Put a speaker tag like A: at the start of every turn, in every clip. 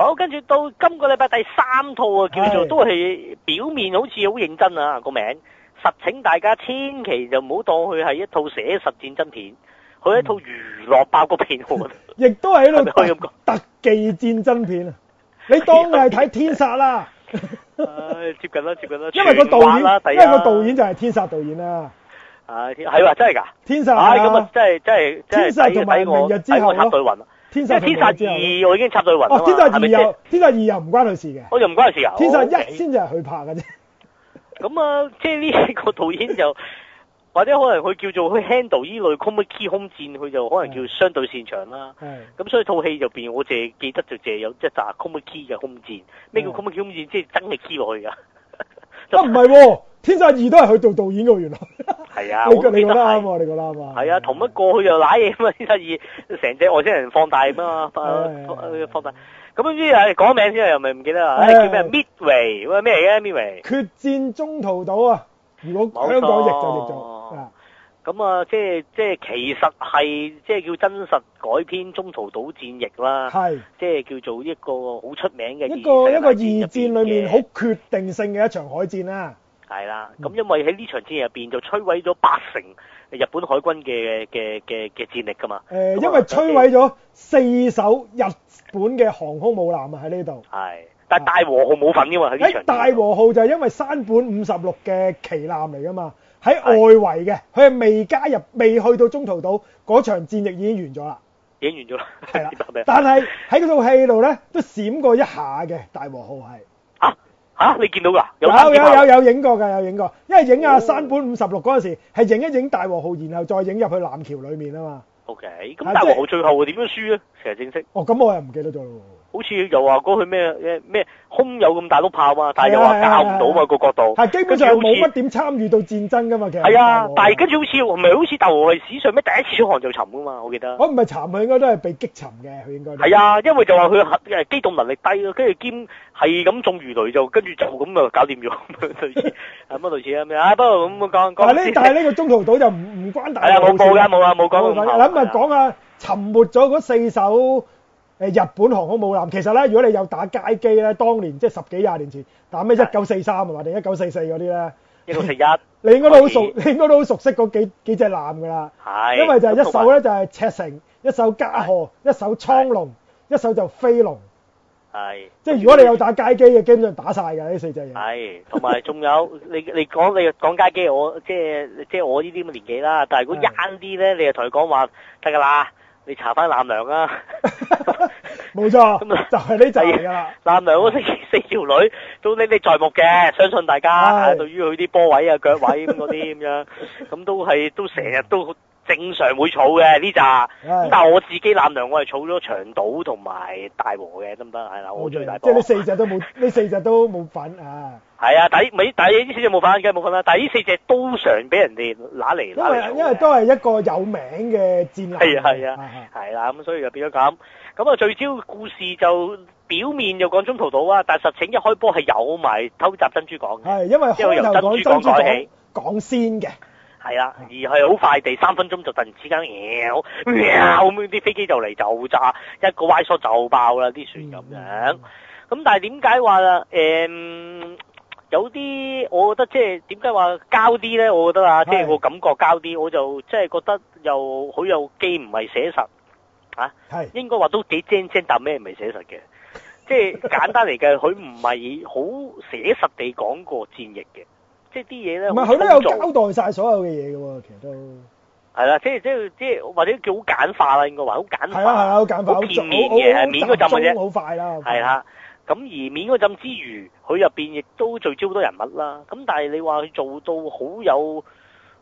A: 好，跟住到今個禮拜第三套啊，叫做都係表面好似好認真啊個名，實請大家千祈就唔好當佢係一套寫實戰爭片，佢係一套娛樂爆個片，亦 都係喺度咁講特
B: 技戰爭片是是 啊！你當係睇天煞啦，
A: 接近啦，接近啦，因為個導演，因為個導
B: 演就係天煞導演啦、
A: 啊，係係、啊、真係噶
B: 天煞、啊，咁啊
A: 真係真係真係我睇我插對雲。 《天煞》天二我已經插去雲、啊、天煞二》又《是
B: 是天煞二又不》又唔關佢事嘅。
A: 我又唔關佢事啊，天哦《天煞一》
B: 先就係佢拍嘅啫。
A: 咁啊，即係呢個導演就 或者可能佢叫做 handle 呢類 chroma key 空戰，佢就可能叫相對擅長啦。咁的所以套戲入面，我淨係記得就淨係有，有一紮 chroma key 嘅空戰，咩的叫 chroma key 空戰？即係真係 key 落去㗎。 啊，
B: 唔係喎。《天煞二》都係佢做導演嘅，原來
A: 係啊！你你覺得啱啊？你覺得啱啊？係啊，同一過去就瀨嘢咁《天煞二》成隻外星人放大咁啊，放大咁呢啊，講名先又咪唔記得啊？叫咩？Midway 咩嚟嘅 Midway？決
B: 戰中途島啊！如果香港譯就譯做
A: 咁啊，即係即係，其實係即係叫真實改編中途島戰役啦，係即係叫做一個好出名嘅一個一個二戰裏面好
B: 決定性嘅一場海戰啦。
A: 係啦，咁因為喺呢場戰役入邊就摧毀咗八成日本海軍嘅嘅嘅嘅戰力噶嘛。
B: 誒，因為摧毀咗四艘日本嘅航空母艦啊，喺呢度。係，
A: 但係大和號冇份噶嘛喺呢場。大
B: 和號就係因為山本五十六嘅旗艦嚟噶嘛，喺外圍嘅，佢係的未加入，未去到中途島嗰場戰役已經完咗啦。
A: 已經完咗啦。係啦的。但係
B: 喺套戲度咧都閃過一下嘅大和號係。
A: 啊！你見到㗎？有有有有
B: 影過㗎，有影過，過。因為影啊山本五十六嗰陣時，係影一影大和號，然後再影入去艦橋裡面啊嘛。
A: O K，咁大和號最後會點樣輸咧？其實正式。
B: 哦，咁我又唔記得
A: 咗。好似又話嗰佢咩咩咩，空有咁大碌炮嘛，但係又話搞唔到啊個角度。係，基本上冇乜
B: 點參與到戰爭噶嘛，其實。係啊，但係
A: 跟住好似唔係好似大和史上咩第一次出航就沉噶嘛，我記得。我
B: 唔係沉，佢應該都係被擊沉嘅，佢應
A: 該。係啊，因為就話佢核誒機動能力低咯，跟住兼係咁中魚雷就跟住就咁啊搞掂咗，類似咁啊類似啊咩啊，不過咁講講。但係呢？但係呢
B: 個中途島就唔唔關大。係啊，冇冇噶，冇啊，冇講嗰個。嗱咁啊，講下沉沒咗嗰四艘。誒日本航空母艦，其實咧，如果你有打街機咧，當年即係十幾廿年前打咩一九四三啊嘛，定一九四四嗰啲咧，一
A: 九四一，你應該都好熟，
B: 你應該都好熟悉嗰幾幾隻艦㗎啦，係，因為就係一手咧就係赤城，一手加賀，一手蒼龍，一手就飛龍，
A: 係，即係如果你有打
B: 街機嘅，基本上打曬㗎呢四隻嘢，係，
A: 同埋仲有你你講你講街機，我即係即係我呢啲咁嘅年紀啦，但係如果晏啲咧，你就同佢講話得㗎啦。你查翻艦娘啊，
B: 冇錯，
A: 咁啊就係呢隻嚟噶啦。艦娘星四四條女都歷歷在目嘅，相信大家、 啊、對於佢啲波位啊、腳位咁嗰啲咁樣，咁 都係都成日都正常會儲嘅呢隻。咁 但係我自己艦娘我係儲咗長島同埋大和嘅得唔得？係啦，錯我最大波即你。即係呢
B: 四隻都冇，呢四隻都冇份啊！
A: 係啊，第咪？但係呢四隻冇反嘅，冇講啦。但係呢四隻都常俾人哋攋嚟攋嚟。因為
B: 因為都係一個有名嘅戰艦。係啊係
A: 啊係啦，咁、啊啊、所以就變咗咁。咁啊，最主要故事就表面就講中途島啊，但係實情一開波係有埋偷襲珍珠港嘅。
B: 係因，因為由珍珠港起，講先嘅。
A: 係啦、啊，而係好快地三分鐘就突然之間咁啲飛機就嚟就炸，一個歪梭就爆啦啲船咁樣。咁、嗯嗯嗯、但係點解話啊？誒、嗯。有啲，我覺得即係點解話膠啲咧？我覺得啊，即係我感覺膠啲，我就即係覺得又好有機，唔係寫實啊，應該話都幾正正，但咩唔係寫實嘅？即係簡單嚟嘅，佢唔係好寫實地講過戰役嘅，即係啲嘢，咧唔係佢都有交
B: 代晒所有嘅嘢喎。其實都
A: 係啦，即係即係即係或者叫好簡化啦，應該話好簡化，係係啊，
B: 好簡化，好片面嘅，係面個陣啫，好快啦，係啦。
A: 咁而免嗰陣之餘，佢入面亦都聚焦好多人物啦。咁但係你話佢做到好有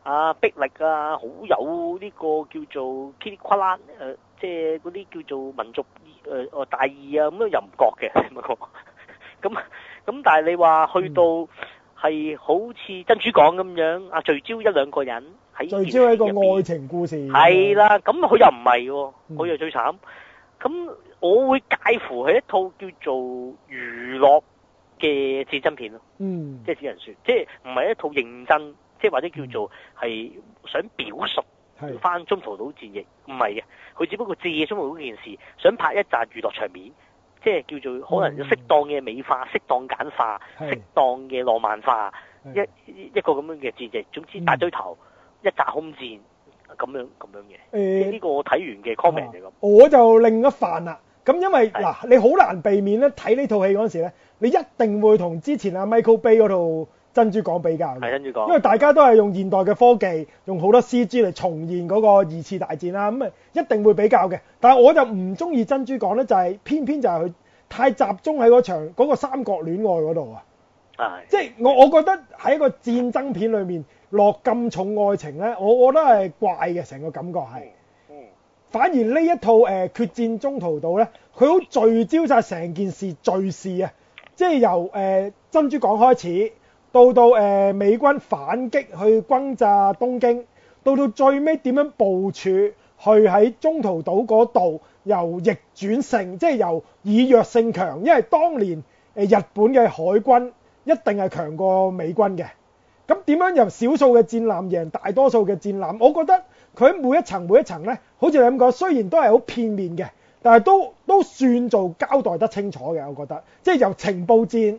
A: 啊逼力啊，好有呢個叫做噼里啪啦，誒即係嗰啲叫做民族誒大義啊，咁樣又唔覺嘅，係咪咁咁？ 但係你話去到係好似珍珠港咁樣，啊聚焦一兩個人
B: 喺聚焦一個愛情故
A: 事，係啦，咁佢又唔係喎，佢又最慘咁。嗯我會介乎係一套叫做娛樂嘅戰爭片咯，嗯、即係只能說，即係唔係一套認真，即係或者叫做係想表述翻、嗯、中途島戰役，唔係嘅，佢只不過借中途島件事，想拍一集娛樂場面，即係叫做可能有適當嘅美化、嗯、適當簡化、嗯、適當嘅浪漫化，嗯、一一個咁樣嘅戰役。總之大堆頭、嗯、一集空戰咁樣咁樣嘅。誒、嗯，呢個我睇完嘅 comment 就咁。
B: 我就另一範啦。咁因為嗱，你好難避免咧睇呢套戲嗰陣時咧，你一定會同之前阿 Michael Bay 嗰套《珍珠港》比較。因為大家都係用現代嘅科技，用好多 CG 嚟重現嗰個二次大戰啦，咁啊一定會比較嘅。但係我就唔中意《珍珠港》咧，就係偏偏就係佢太集中喺嗰場嗰個三角戀愛嗰度啊。即係我我覺得喺一個戰爭片裏面落咁重愛情咧，我我覺得係怪嘅成個感覺係。反而呢一套誒、呃、決戰中途島咧，佢好聚焦就係成件事敘事啊！即係由誒、呃、珍珠港開始，到到誒、呃、美軍反擊去轟炸東京，到到最尾點樣部署去喺中途島嗰度由逆轉勝，即係由以弱勝強，因為當年、呃、日本嘅海軍一定係強過美軍嘅。咁點樣由少數嘅戰艦贏大多數嘅戰艦？我覺得佢每一層每一層呢，好似你咁講，雖然都係好片面嘅，但係都都算做交代得清楚嘅。我覺得，即係由情報戰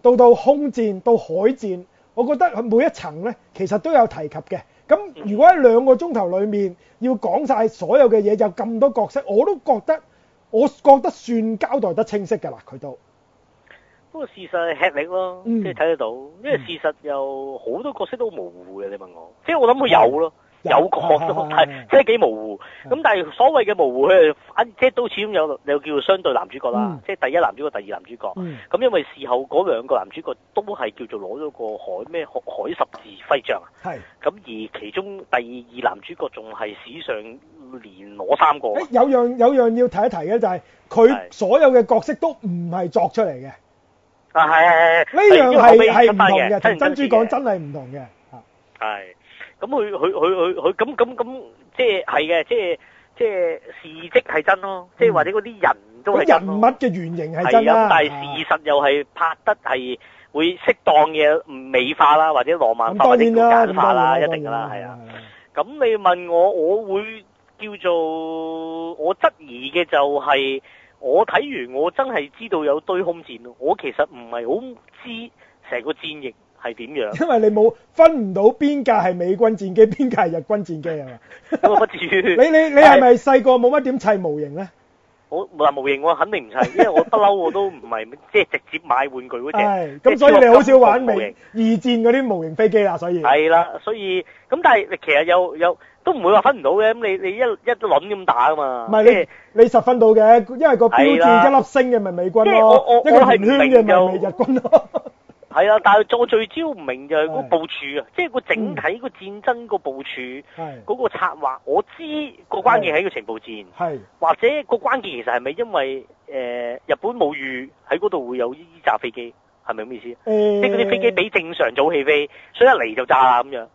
B: 到到空戰到海戰，我覺得佢每一層呢，其實都有提及嘅。咁如果喺兩個鐘頭裏面要講晒所有嘅嘢，有咁多角色，我都覺得，我覺得算交代得清晰嘅啦。佢都。
A: 不過事實係吃力咯，嗯、即係睇得到，因為事實有好多角色都模糊嘅。你問我，即係我諗會有咯，有角都，係即係幾模糊。咁、啊、但係所謂嘅模糊，佢反即係都始終有又叫做相對男主角啦，嗯、即係第一男主角、第二男主角。咁、嗯、因為事後嗰兩個男主角都係叫做攞咗個海咩海十字徽章啊，係咁是而其中第二男主角仲係史上連攞三個。欸、有
B: 樣有樣要提一提嘅就係、是、佢所有嘅角色都唔係作出嚟嘅。
A: 啊係，呢樣係係唔同嘅，同珍珠港
B: 真係唔同嘅。啊，
A: 係，咁佢佢佢佢佢咁咁咁，即係係嘅，即係即係事跡係真咯，即係或者嗰啲人都係真咯。人
B: 物嘅原型係真啦，但係
A: 事實又係拍得係會適當嘅美化啦，或者浪漫化或者簡化啦，一定噶啦，係啊。咁你問我，我會叫做我質疑嘅就係。我睇完我真係知道有堆空戰，我其實唔係好知成個戰役係點樣，因為你冇
B: 分唔到邊架係美軍戰機，邊架係日軍戰機嘛，
A: 不至 你你你係咪
B: 細個冇乜點砌模型咧？
A: 我嗱模型我肯定唔砌，因為我不嬲我都唔係即係直接買玩具嗰隻。咁 所以你好少玩
B: 模型二戰
A: 嗰啲模型飛機啦，所以係啦，所以咁但係你其實有有。都唔會話分唔到嘅，咁你你一一輪咁打噶嘛？唔係你
B: 你一定分到嘅，因為個標誌一粒星嘅咪美軍咯，我我一個圓圈嘅咪日軍咯、
A: 啊。係啊， 但係我最主要唔明就係個部署啊，即係個整體個戰爭個部署，嗰的個，個策劃的我知個關鍵喺個情報戰，或者個關鍵其實係咪因為誒、呃、日本冇預喺嗰度會有依紮飛機，係咪咁意思？即係嗰啲飛機比正常早起飛，所以一嚟就炸啦咁樣。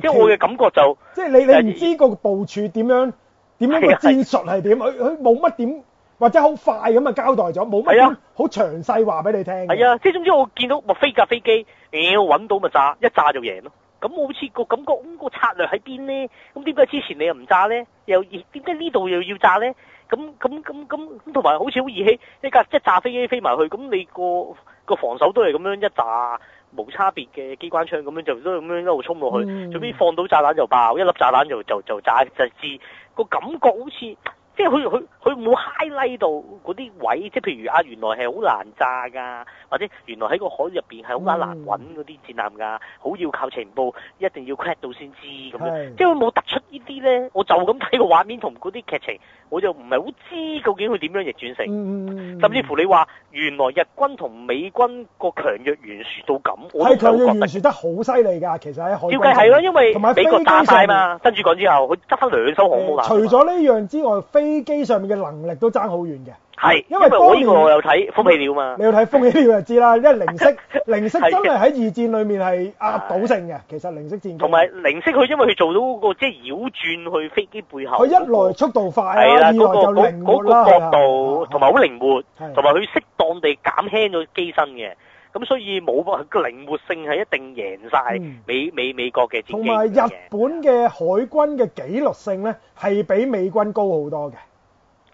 A: 即係我嘅感覺就，
B: 即係你你唔知個部署點樣，點樣個戰術係點，佢佢冇乜點，或者好快咁啊交代咗，冇乜好詳細話俾你聽、啊。係的
A: 啊，即係總之我見到咪飛架飛機，屌、欸、搵到咪炸，一炸就贏咯。咁我好似個感覺，咁個策略喺邊呢？咁點解之前你又唔炸咧？又點點解呢度又要炸咧？咁咁咁咁咁，同埋好似好熱氣，一架即係炸飛機飛埋去，咁你個個防守都係咁樣一炸。冇差別嘅機關槍，咁、就是、樣就都咁樣一路衝落去，最尾、嗯嗯、放到炸彈就爆，一粒炸彈就就就炸，就至個感覺好似。即係佢佢佢冇 highlight 到嗰啲位，即係譬如啊，原來係好難炸㗎，或者原來喺個海入邊係好難揾嗰啲戰艦㗎，嗯、好要靠情報，一定要 get 到先知咁樣。是即係佢冇突出呢啲咧，我就咁睇個畫面同嗰啲劇情，我就唔係好知究竟佢點樣逆轉成。嗯、甚至乎你話原來日軍同美軍個強弱懸殊到咁，嗯、我都有覺得。係強弱
B: 懸殊得好犀利㗎，其實喺海。照計係啦，因為美國炸曬嘛，
A: 跟住港之後佢揸翻兩艘航母啦。嗯、除
B: 咗呢樣之外，飛飛機上面嘅能力都爭好遠嘅，係因為當年我有睇風起了嘛，你要睇風起了就知啦，因為零式零式真係喺二戰裡面係壓倒性嘅，其實零式戰機，同埋
A: 零式佢因為佢做到嗰個即係繞轉去飛機背後，佢一
B: 來速度快，二來就靈嗰個角度，
A: 同埋好靈活，同埋佢適當地減輕咗機身嘅。咁所以冇個靈活性係一定贏曬美美美國嘅戰役嘅。同埋日
B: 本嘅海軍嘅紀律性咧，係比美軍高好多嘅。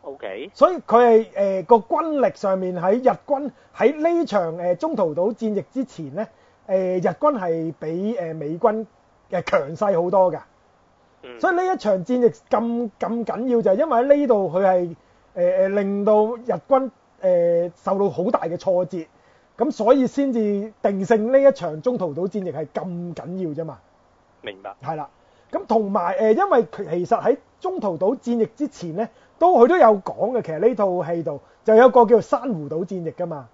A: OK。
B: 所以佢係誒個軍力上面喺日軍喺呢場誒中途島戰役之前咧，誒日軍係比誒美軍嘅強勢好多嘅。嗯。所以呢一場戰役咁咁緊要就係因為喺呢度佢係誒誒令到日軍誒受到好大嘅挫折。咁所以先至定性呢一場中途島戰役係咁緊要啫嘛，明白，係啦。咁同埋誒，因為其實喺中途島戰役之前咧，都佢都有講嘅。其實呢套戲度就有個叫珊瑚島戰役噶嘛，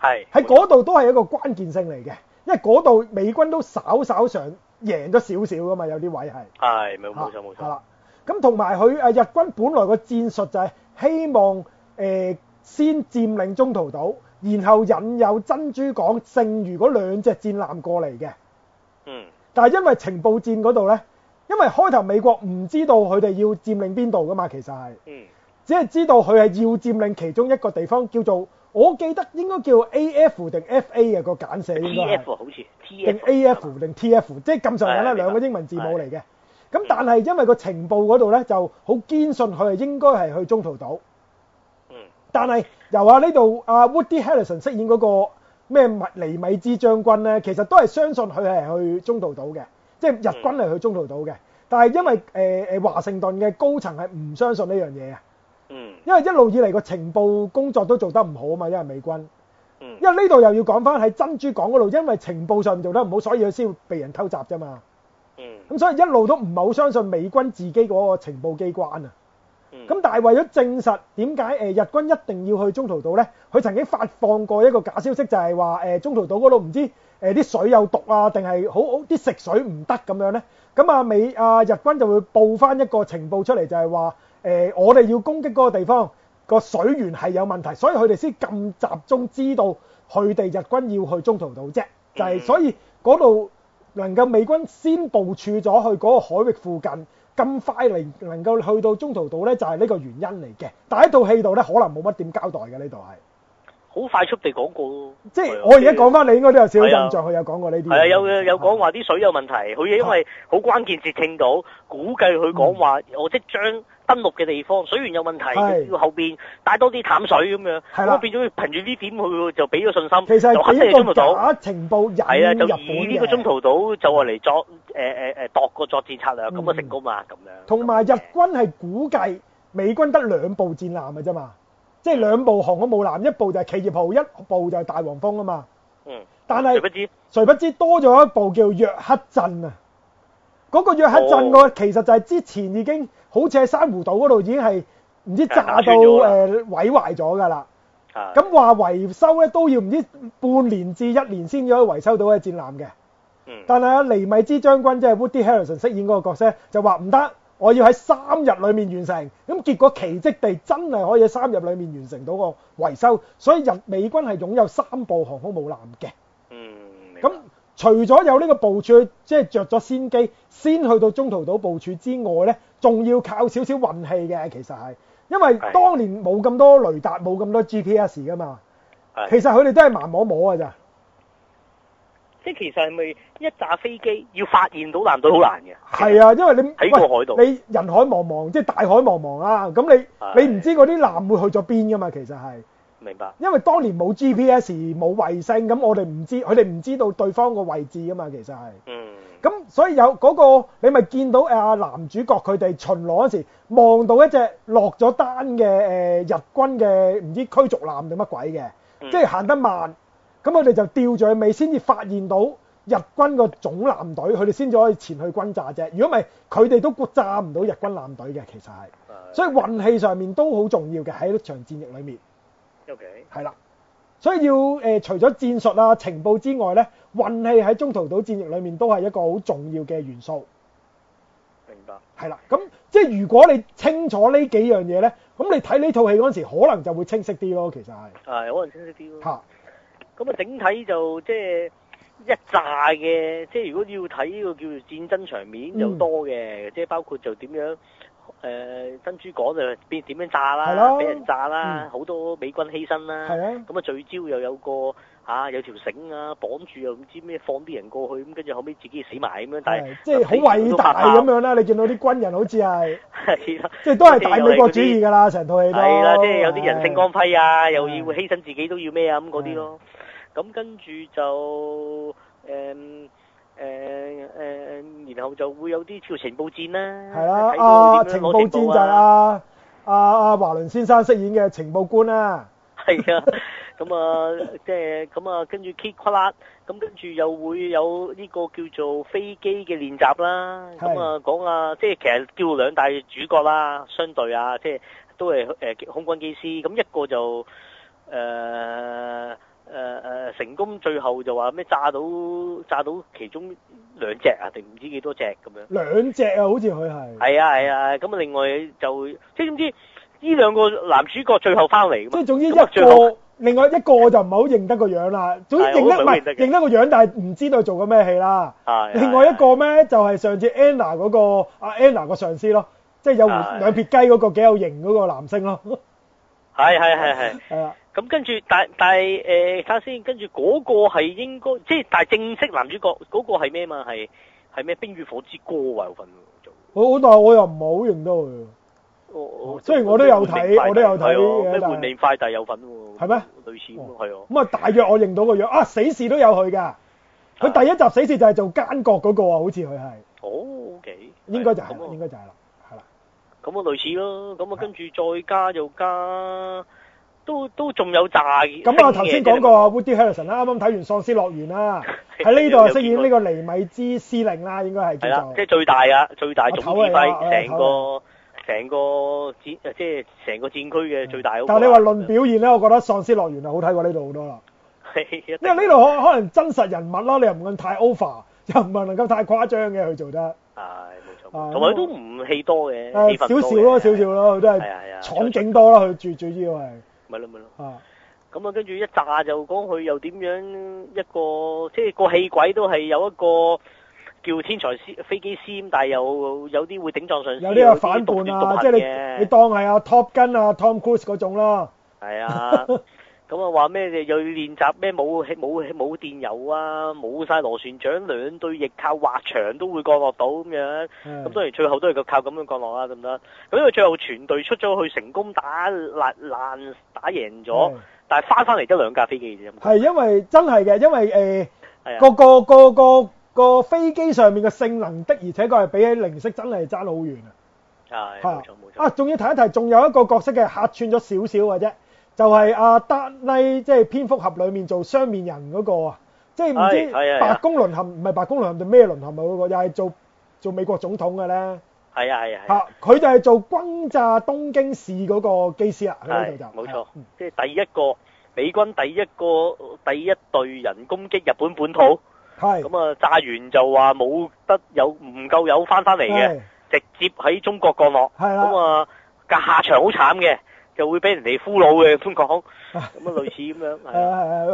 B: 係喺嗰度都係一個關鍵性嚟嘅，因為嗰度美軍都稍稍上贏咗少少噶嘛，有啲位係係，
A: 咪冇錯冇錯。係啦，
B: 咁同埋佢誒日軍本來個戰術就係希望誒先佔領中途島。然後引誘珍珠港剩餘嗰兩隻戰艦過嚟嘅，嗯，但係因為情報戰嗰度呢，因為開頭美國唔知道佢哋要佔領邊度噶嘛，其實係，
A: 嗯，
B: 只係知道佢係要佔領其中一個地方，叫做我記得應該叫 A F 定 F A 啊個簡寫應該 T F 好似，定 A F 定 T F，即係咁上下啦，兩個英文字母嚟嘅，咁但係因為個情報嗰度呢，就好堅信佢係應該係去中途島。但係由啊呢度啊 Woody Harrelson 飾演嗰個咩米尼米茲將軍咧，其實都係相信佢係去中途島嘅，即係日軍係去中途島嘅。但係因為誒誒、呃、華盛頓嘅高層係唔相信呢樣嘢啊，嗯，因為一路以嚟個情報工作都做得唔好啊嘛，因為美軍，嗯，因為呢度又要講翻喺珍珠港嗰度，因為情報上做得唔好，所以佢先會被人偷襲啫嘛，嗯，咁所以一路都唔係好相信美軍自己嗰個情報機關啊。咁但係為咗證實點解誒日軍一定要去中途島呢？佢曾經發放過一個假消息，就係話誒中途島嗰度唔知誒啲水有毒啊，定係好好啲食水唔得咁樣呢。咁啊美啊日軍就會報返一個情報出嚟，就係話誒我哋要攻擊嗰個地方，個水源係有問題，所以佢哋先咁集中知道佢哋日軍要去中途島啫。就係所以嗰度能夠美軍先部署咗去嗰個海域附近。咁快嚟能夠去到中途島咧，就係呢個原因嚟嘅。但係喺套戲度咧，可能冇乜點交代嘅呢度係。好
A: 快速地講過咯，即
B: 係我而家講返，你應該都有少少印象，佢有講過呢啲。係啊，有
A: 有講話啲水有問題，佢因為好關鍵時聽到，估計佢講話我即將登陸嘅地方水源有問題，要後邊帶多啲淡水咁樣，咁變咗憑住呢點佢就俾咗信心。其實係俾個假情報人，係啊，就以呢個中途島就嚟作誒誒誒度個作戰策略咁嘅成功嘛咁樣。
B: 同埋日軍係估計美軍得兩部戰艦嘅啫嘛。即係兩部航空母艦，一部就係企業號，一部就係大黃蜂啊嘛。嗯，但係是誰不，不知，多咗一部叫約克鎮啊。嗰、那個約克鎮個、哦、其實就係之前已經好似喺珊瑚島嗰度已經係唔知炸到誒毀壞咗㗎啦。咁話維修咧都要唔知半年至一年先可以維修到嘅戰艦嘅。嗯，但係阿尼米茲將軍即係、就是、Woody Harrelson 飾演嗰個角色就話唔得。我要喺三日裏面完成，咁結果奇蹟地真係可以喺三日裏面完成到個維修，所以日美軍係擁有三部航空母艦嘅。嗯，咁除咗有呢個部署，即係着咗先機，先去到中途島部署之外呢，仲要靠少少運氣嘅，其實係，因為當年冇咁多雷達，冇咁多 GPS 噶嘛，
A: 其實佢
B: 哋都係盲摸摸㗎咋。
A: 即其實係咪一
B: 架飛機要發現到艦隊好
A: 難嘅，係啊，因為你喺個海度，
B: 你人海茫茫，即係大海茫茫啊！咁你的你唔知嗰啲艦會去咗邊㗎嘛？其實係明白，因為當年冇 GPS 冇衛星，咁我哋唔知佢哋唔知道對方個位置㗎嘛？其實係，嗯，咁所以有嗰、那個你咪見到誒、啊、男主角佢哋巡邏嗰時候，望到一隻落咗單嘅誒日軍嘅唔知驅逐艦定乜鬼嘅，嗯、即係行得慢。咁我哋就吊住佢尾，先至發現到日軍個總艦隊，佢哋先至可以前去轟炸啫。如果唔係，佢哋都炸唔到日軍艦隊嘅。其實係，所以運氣上面都好重要嘅喺呢場戰役裏面。OK。係啦，所以要誒除咗戰術啊、情報之外咧，運氣喺中途島戰役裏面都係一個好重要嘅元素。明白。係啦，咁即係如果你清楚呢幾樣嘢咧，咁你睇呢套戲嗰陣時可能就會清晰啲咯。其實係。係，
A: 可能清晰啲咯。咁啊，整體就即係、就是、一炸嘅，即、就、係、是、如果要睇呢個叫做戰爭場面就多嘅，即係、嗯、包括就點樣誒、呃、珍珠港就變點樣炸啦，俾是、啊、人炸啦，好、嗯、多美軍犧牲啦，咁是啊聚焦又有個。吓有條繩啊綁住，又唔知咩放啲人過去咁，跟住後屘自己死埋咁樣，但係即係好偉大咁
B: 樣啦！你見到啲軍人好似係，即係都係大美國主義噶啦，成套戲都係啦，即係有啲人性
A: 光輝啊，又要犧牲自己都要咩啊咁嗰啲咯。咁跟住就誒誒誒，然後就會有啲條情報戰啦。係啦，啊情報戰就係阿
B: 阿華倫先生飾演嘅情報官啦。
A: 係 啊，咁、嗯、啊，即係咁啊，跟住 kick cut，咁跟住又會有呢個叫做飛機嘅練習啦。咁啊是、嗯，講啊，即、就、係、是、其實叫兩大主角啦，相對啊，即、就、係、是、都係、呃、空軍機師。咁、嗯、一個就誒、呃呃、成功，最後就話咩炸到炸到其中兩隻啊，定唔知幾多隻咁樣？
B: 兩隻啊，好似佢係。係啊
A: 係啊，咁啊，啊、嗯嗯嗯、另外就即係點知，知？呢兩個男主角最後翻，嚟，即係總之一個
B: 另外一個，我就唔係好認得個樣啦。總之認得唔係認得個樣，但係唔知道做個咩戲
A: 啦。另外一
B: 個咩就係上次 Anna 嗰個阿 Anna 個上司咯，即係有兩撇雞嗰個幾有型嗰個男星咯。
A: 係係係係。咁跟住但但係誒睇下先，跟住嗰個係應該即係但係正式男主角嗰個係咩嘛？係係咩冰與火之歌啊？我有份
B: 做。我好耐我又唔係好認得
A: 佢。雖然我都有睇，我都有睇，咩換尾快遞有份喎，係咩？類似係哦。
B: 咁啊，大約我認到個樣啊，死侍都有佢噶。佢第一集死侍就係做奸角嗰個啊，好似佢係。哦
A: ，OK。應該就
B: 係，應該就係啦，係啦。
A: 咁啊，類似咯。咁啊，跟住再加就加，都都仲有炸嘢。咁啊，頭先講過
B: Woody Harrelson 啊，啱啱睇完《喪屍樂園》啦。喺呢度啊，飾演呢個尼米茲司令啦，應該係叫做。即
A: 係最大啊，最大仲指成個。成個戰誒，即係成個戰區嘅最大嗰個。但係你話
B: 論表現咧，我覺得《喪屍樂園》就好睇過呢度好多啦。因為呢度可可能真實人物啦，你又唔咁太 over，又唔係能夠太誇張嘅佢做得。
A: 係冇錯。同埋都唔戲多嘅。誒，少少咯，少少咯，都係。係啊係啊。廠
B: 景多啦，佢最主要係。
A: 咪咯咪咯。啊。咁啊，跟住一炸就講佢又點樣一個，即係個氣鬼都係有一個。叫天才飛飛機師，但係又有啲會頂撞上司有啲係反叛啊！毒毒即係你你
B: 當係阿 Top Gun 阿 Tom Cruise 嗰種咯。
A: 係啊，咁啊話咩又要練習咩冇電冇冇電油啊，冇晒螺旋槳，兩對翼靠滑翔都會降落到咁樣、啊。咁的當然最後都係靠咁樣降落啦、啊，得唔得？咁啊最後全隊出咗去成功打爛爛打贏咗，的但係翻翻嚟得兩架飛機啫。
B: 係因為真係嘅，因為誒、呃、的個個個個,個。個飛機上面嘅性能的，而且佢係比起零式真係差好遠啊！係，冇錯冇錯啊！仲要提一提，仲有一個角色嘅客串咗少少嘅啫，就係阿達尼，即係蝙蝠俠裏面做雙面人嗰個啊！即係唔知白宮淪陷唔係白宮淪陷定咩淪陷，咪嗰個又係做做美國總統嘅咧？
A: 係啊係啊，吓
B: 佢就係做轟炸東京市嗰個機師啦。喺呢度就冇錯，即
A: 係第一個美軍第一個第一隊人攻擊日本本土。係咁啊，炸完就話冇得有，唔夠有翻翻嚟嘅，直接喺中國降落。係啦，咁啊，下場好慘嘅，就會俾人哋俘虜嘅，咁講。咁啊，類似咁樣。誒
B: 誒，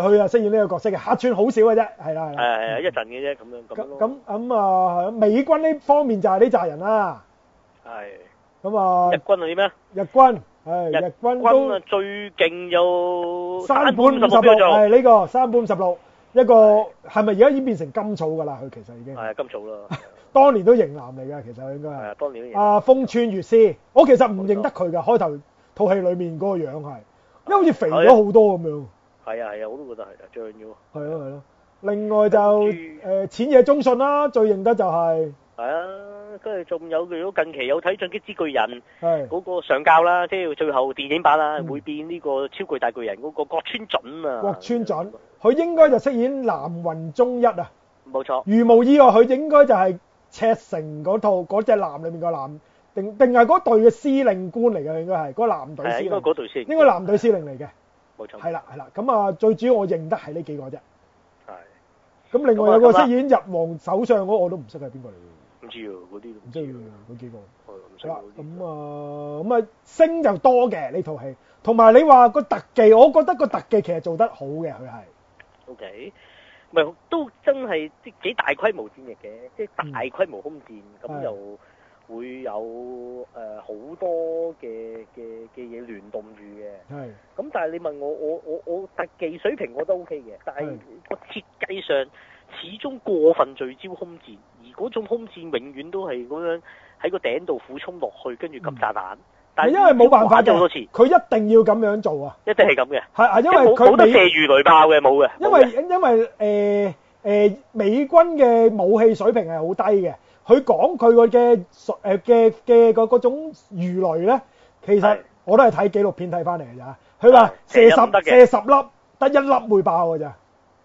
B: 佢啊飾演呢個角色嘅客串好少嘅啫，係
A: 啦係啦。誒，一陣嘅啫，咁樣
B: 咁咯。咁咁咁啊，美軍呢方面就係呢扎人啦。
A: 係。咁啊，日軍係點咩？
B: 日軍，誒，日軍都
A: 最勁又。山本五十六，係呢
B: 個山本五十六。一個係咪而家已經變成甘草㗎啦？佢其實已經係甘草咯。當年都型男嚟㗎，其實佢應該係。啊，當年都型。啊，豐川悅司，我其實唔認得佢㗎。開頭套戲裡面嗰個樣係，因為好似肥咗好多咁樣。
A: 係啊係啊，我都覺得係啊，脹咗
B: 係啊，係咯。另外就誒，淺野忠信啦，最認得就係。係
A: 啊。咁誒，仲有如果近期有睇《進擊之巨人》，嗰個上教啦，即係最後電影版啦，會變呢個超巨大巨人嗰個國村隼啊，國
B: 村隼，佢應該就飾演南雲忠一啊，
A: 冇錯，如
B: 無意外，佢應該就係赤城嗰套嗰隻男裏面個男，定定係嗰隊嘅司令官嚟㗎，應該係嗰男隊，應該嗰隊先，應該男隊司令嚟嘅，冇錯，係啦係啦，咁啊，最主要我認得係呢幾個啫，係，咁另外有個飾演日皇首相嗰個我都唔識係邊個嚟嘅。知啊，嗰啲都唔知啊，嗰幾個。咁啊，咁啊，星就多嘅呢套戲，同埋你話個特技，我覺得個特技其實做得好嘅，佢係。
A: OK，咪都真係即係幾大規模戰役嘅，即係大規模空戰，咁又會有誒好多嘅嘅嘅嘢聯動住嘅。係。咁但係你問我，我我我特技水平我都 OK 嘅，但係個設計上始終過分聚焦空戰。嗰種空戰永遠都係咁樣喺個頂度俯衝落去，跟住扱炸彈。
B: 但係因為冇辦法，做多次佢一定要咁樣做啊！一定係
A: 咁嘅。係啊，因為佢冇得射魚雷爆嘅，冇嘅。因
B: 為因為誒誒，美軍嘅武器水平係好低嘅。佢講佢個嘅誒嘅嘅個嗰種魚雷咧，其實我都係睇紀錄片睇翻嚟嘅咋。佢話射十射十粒，得一粒會爆嘅咋。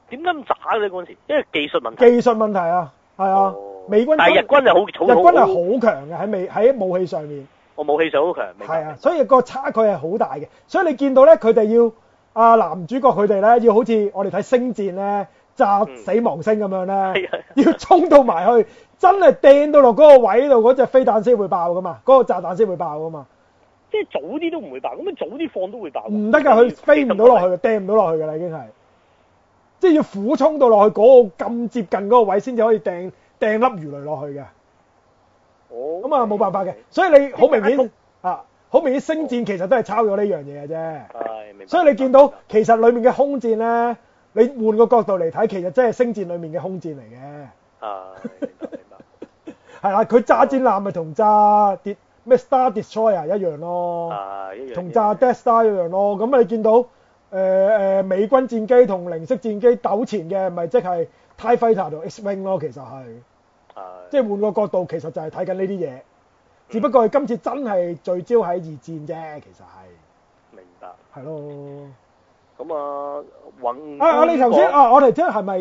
A: 點解咁渣嘅嗰陣時？因為技術問題。技
B: 術問題啊，係啊。美軍但日軍又好，日軍係好強嘅喺美喺武器上面，
A: 我武器上好強，係啊，
B: 所以個差距係好大嘅。所以你見到咧，佢哋要阿男主角佢哋咧，要好似我哋睇《星戰》咧，炸死亡星咁樣咧，嗯、要衝到埋去，真係掟到落嗰個位度，嗰隻飛彈先會爆噶嘛，嗰個炸彈先會爆噶嘛。
A: 即係早啲都唔會爆，咁你早啲放都會爆。
B: 唔得噶，佢飛唔到落去，掟唔到落去噶啦，已經係，即係要俯衝到落去嗰個咁接近嗰個位，先至可以掟。掟粒魚雷落去嘅，咁啊冇辦法嘅，所以你好明顯啊，好明顯星戰其實都係抄咗呢樣嘢嘅啫。係，所以你見到其實裡面嘅空戰咧，你換個角度嚟睇，其實真係星戰裡面嘅空戰嚟嘅。啊，明白明白。係啊，佢炸戰艦咪同炸跌咩 Star Destroyer 一樣咯。啊，一樣。同炸 Death Star 一樣咯。咁你見到誒誒美軍戰機同零式戰機糾纏嘅，咪即係 TIE Fighter 同 X Wing 咯，其實係。即係換個角度，其實就係睇緊呢啲嘢，只不過佢今次真係聚焦喺二戰啫，其實係。明
A: 白。係是咯。咁啊，揾、啊。啊！我你頭先啊，
B: 我哋先係咪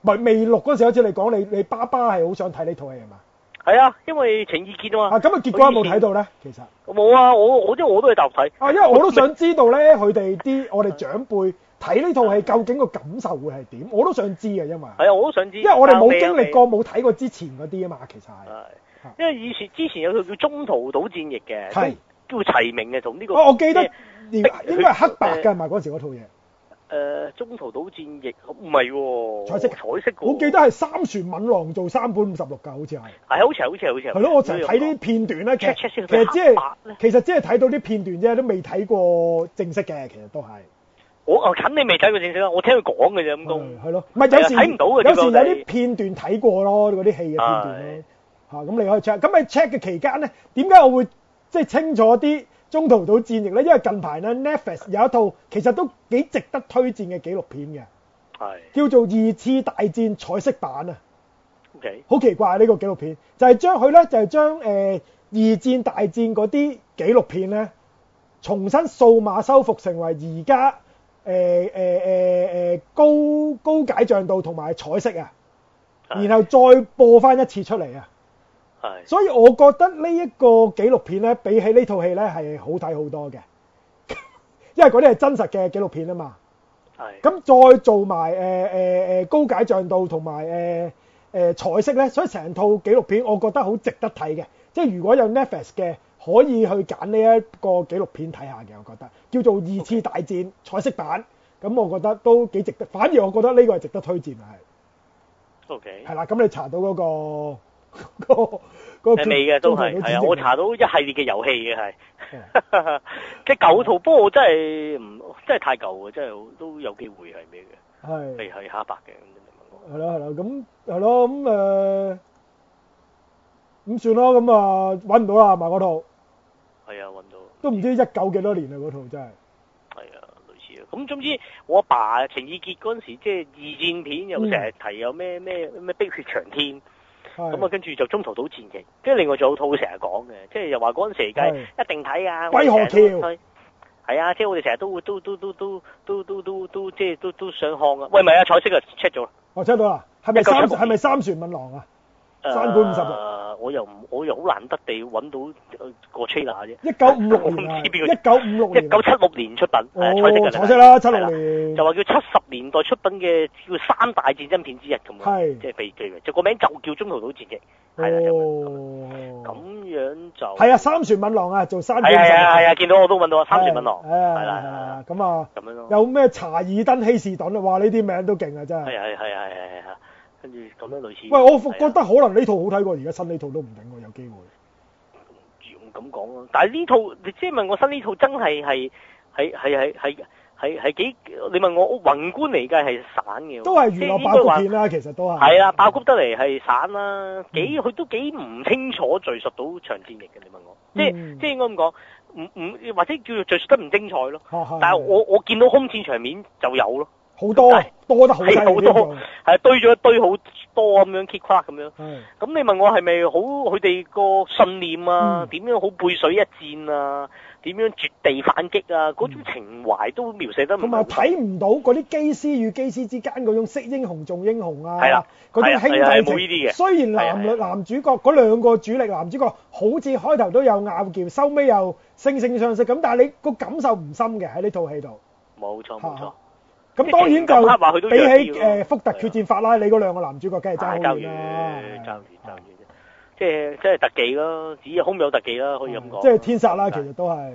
B: 咪未錄嗰陣時開始嚟講，你你爸爸係好想睇呢套戲係嘛？
A: 係啊，因為情意結啊嘛。啊，咁啊結果有冇睇到咧？其實。冇啊！我我即係我，我都係獨立睇。啊，因為我都想
B: 知道咧，佢哋啲我哋長輩。睇呢套戲究竟個感受會係點？我都想知嘅，因為
A: 係啊，我都想知，因為我哋冇經歷過、
B: 冇睇過之前嗰啲啊嘛。其實
A: 係，因為以前之前有套叫《中途島戰役》嘅，叫齊名嘅同呢個。哦，我記得，
B: 應該係黑白嘅嘛。嗰時嗰套嘢，誒，
A: 《中途島戰役》唔係喎，彩色彩色我記
B: 得係三船敏郎做山本五十六嘅，好似係。係，好似
A: 係，好似係，好似係。係咯，我成日睇啲
B: 片段咧，其實其實即係其實即係睇到啲片段啫，都未睇過正式嘅，其實都係。
A: 我我肯定未睇過正式啦，我聽佢講嘅啫。咁都係咯，唔係有時睇唔到嘅。有時有啲
B: 片段睇過咯，嗰啲戲嘅片段咯。嚇，咁你可以 check，咁喺 check 嘅期間咧，點解我會即係清楚啲中途島戰役咧？因為近排咧，Netflix 有一套其實都幾值得推薦嘅紀錄片嘅，係叫做《二次大戰彩色版》啊。OK，好奇怪，呢個紀錄片就係將佢咧，就係將誒二次大戰嗰啲紀錄片咧，重新數碼修復成為而家。誒誒誒誒高高解像度同埋彩色啊，的然後再播返一次出嚟啊，係的，所以我覺得呢一個紀錄片咧比起呢套戲咧係好睇好多嘅，因為嗰啲係真實嘅紀錄片啊嘛，係的，咁再做埋誒誒誒高解像度同埋誒誒彩色咧，所以成套紀錄片我覺得好值得睇嘅，即係如果有 Netflix 嘅。可以去揀呢一個紀錄片睇下嘅，我覺得叫做二次大戰彩色版，咁我覺得都幾值得。反而我覺得呢個係值得推薦嘅，
A: 係。OK。係
B: 啦，咁你查到嗰個嗰個嗰個叫咩嘅都係，係啊，我查
A: 到一系列嘅遊戲嘅係。嘅舊套，不過真係唔真係太舊嘅，真係都有機會係咩
B: 嘅？
A: 譬如係
B: 黑白嘅。係咯係咯，咁係咯咁誒，咁算啦，咁啊揾唔到啦，埋嗰套。係啊，搵到都唔知一九幾多年啦，嗰套真係。係
A: 啊，類似啊。咁總之我阿爸情意結嗰陣時，即係二戰片又成日提，有咩咩咩碧血長天，咁啊的跟住就中途島戰役，跟住另外仲有套成日講嘅，即係又話嗰陣時計一定睇啊。鬼海的跳。係啊，即、就、係、是、我哋成日都都都都都都都都即係都都想睇噶。喂，唔係啊，彩色啊 check 咗。
B: 我 check 到啊。係咪、哦、三？係咪三船敏
A: 郎啊？誒，山本五十六，誒，我又唔，我又好難得地搵到個 trailer 咧。一
B: 九五六年
A: 啊，一九五六年，一九七六年出品，彩色，彩色啦，七六年，就話叫七十年代出品嘅叫三大戰爭片之一咁啊，即係飛機啊，就個名就叫中途島戰役，係
B: 啦，
A: 咁樣就
B: 係啊，三船敏郎啊，做山本五十六，係啊係啊，見
A: 到我都搵到啊，三船敏郎，係啦係
B: 啦，咁啊，咁樣咯，有咩查爾登希士頓啊，哇，呢啲名都勁啊，真係，係啊
A: 係啊係啊係啊。跟住咁樣類似。喂，我覺得
B: 可能呢套好睇過，而家新呢套都唔緊，我有機會。
A: 唔敢講咯，但係呢套，你即係問我新呢套真係係係係係係係幾？你問我我宏觀嚟計係散嘅。都係娛樂爆谷片
B: 啦，其實都係。係啊，
A: 爆谷得嚟係散啦，幾佢都幾唔清楚敍述到場戰役嘅。你問我，即係即係應該咁講，唔唔或者叫做敍述得唔精彩咯。但係我我見到空戰場面就有咯。
B: 好多多得好犀利，係好多
A: 係堆咗一堆好多咁樣 kick crack 咁樣。咁你問我係咪好佢哋個信念啊？點樣好背水一戰啊？點樣絕地反擊啊？嗰種情懷都描寫得唔。同埋睇唔
B: 到嗰啲機師與機師之間嗰種識英雄做英雄啊，嗰啲兄弟情。雖然男男主角嗰兩個主力男主角，好似開頭都有拗撬，收尾又惺惺相惜咁，但係你個感受唔深嘅喺呢套戲度。
A: 冇錯，冇錯。咁當然就比起
B: 福特決戰法拉利嗰兩個男主角，梗係爭好遠啦！爭遠
A: 爭遠啫，即係即係特技咯，只空有特技啦，可以咁講。即係天煞啦，其實都係。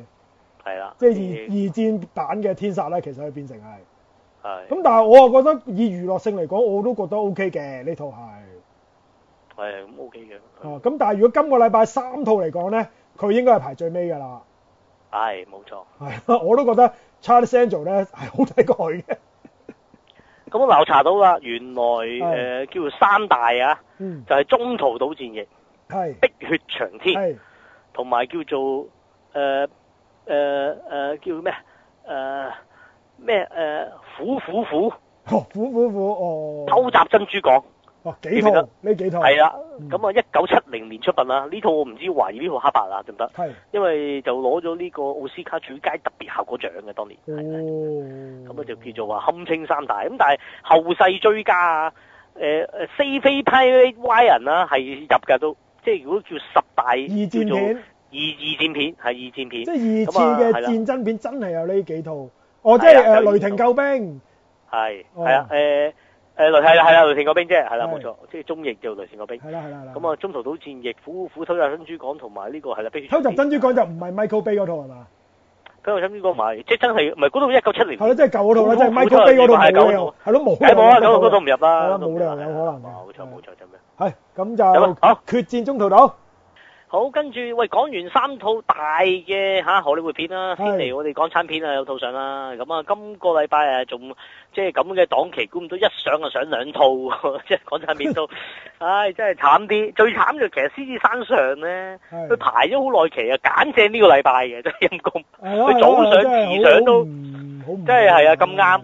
A: 係啦。
B: 即係二二戰版嘅天煞咧，其實佢變成係。係。咁但係我覺得以娛樂性嚟講，我都覺得 O K 嘅呢套係。係
A: 咁 O K
B: 嘅。咁但係如果今個禮拜三套嚟講呢，佢應該係排最尾㗎啦。係，冇錯。係，我都覺得 Charlie's Angels 呢，係好睇過佢嘅。
A: 咁我又查到啦，原來、呃、叫做三大啊，嗯、
B: 就係中
A: 途島戰役，碧是血長天，同埋是叫做誒誒、呃呃呃、叫咩啊？咩、呃、誒、呃、虎虎虎，
B: 哦、虎虎虎哦，偷
A: 襲珍珠港。哦，幾套呢？幾套係啦，咁啊，一九七零年出品啦。呢套我唔知懷疑呢套黑白啊，得唔得？係，因為就攞咗呢個奧斯卡最佳特別效果獎嘅當年。哦，咁啊就叫做話堪稱三大咁，但係後世追加啊，誒誒，Saving Private Ryan 啦係入嘅都，即係如果叫十大二戰片，二二戰片係二戰片，即係二次嘅戰
B: 爭片真係有呢幾套。哦，即係誒，雷霆救兵
A: 係係啊，誒。誒雷，係啦係啦，雷霆個兵啫，係啦冇錯，即係中翼叫雷霆個兵。係啦係啦，咁啊中途島戰役，虎虎偷襲珍珠港同埋呢個係啦。譬如
B: 偷襲珍珠港就唔係 Michael Bay 嗰套係嘛？
A: 偷襲珍珠港唔係，即係真係唔係。嗰套一九七年。係咯，
B: 即係舊嗰套啦，即係 Michael Bay 嗰套冇。係冇啊，中途島唔入啊。冇啦，有可能。冇錯冇錯，真咩？係咁就決戰中途島。
A: 好，跟住喂，講完三套大嘅吓，荷里活片啦、啊，的先嚟我哋港產片啊，有套上啦、啊。咁啊，今個禮拜誒仲即係咁嘅檔期，估唔到一上啊上兩套，即係港產片都，唉、 哎、真係慘啲。最慘就其實《獅子山上》呢咧的，佢排咗好耐期啊，揀正呢個禮拜嘅真係陰公，佢的早上遲上都，不真係係啊咁啱。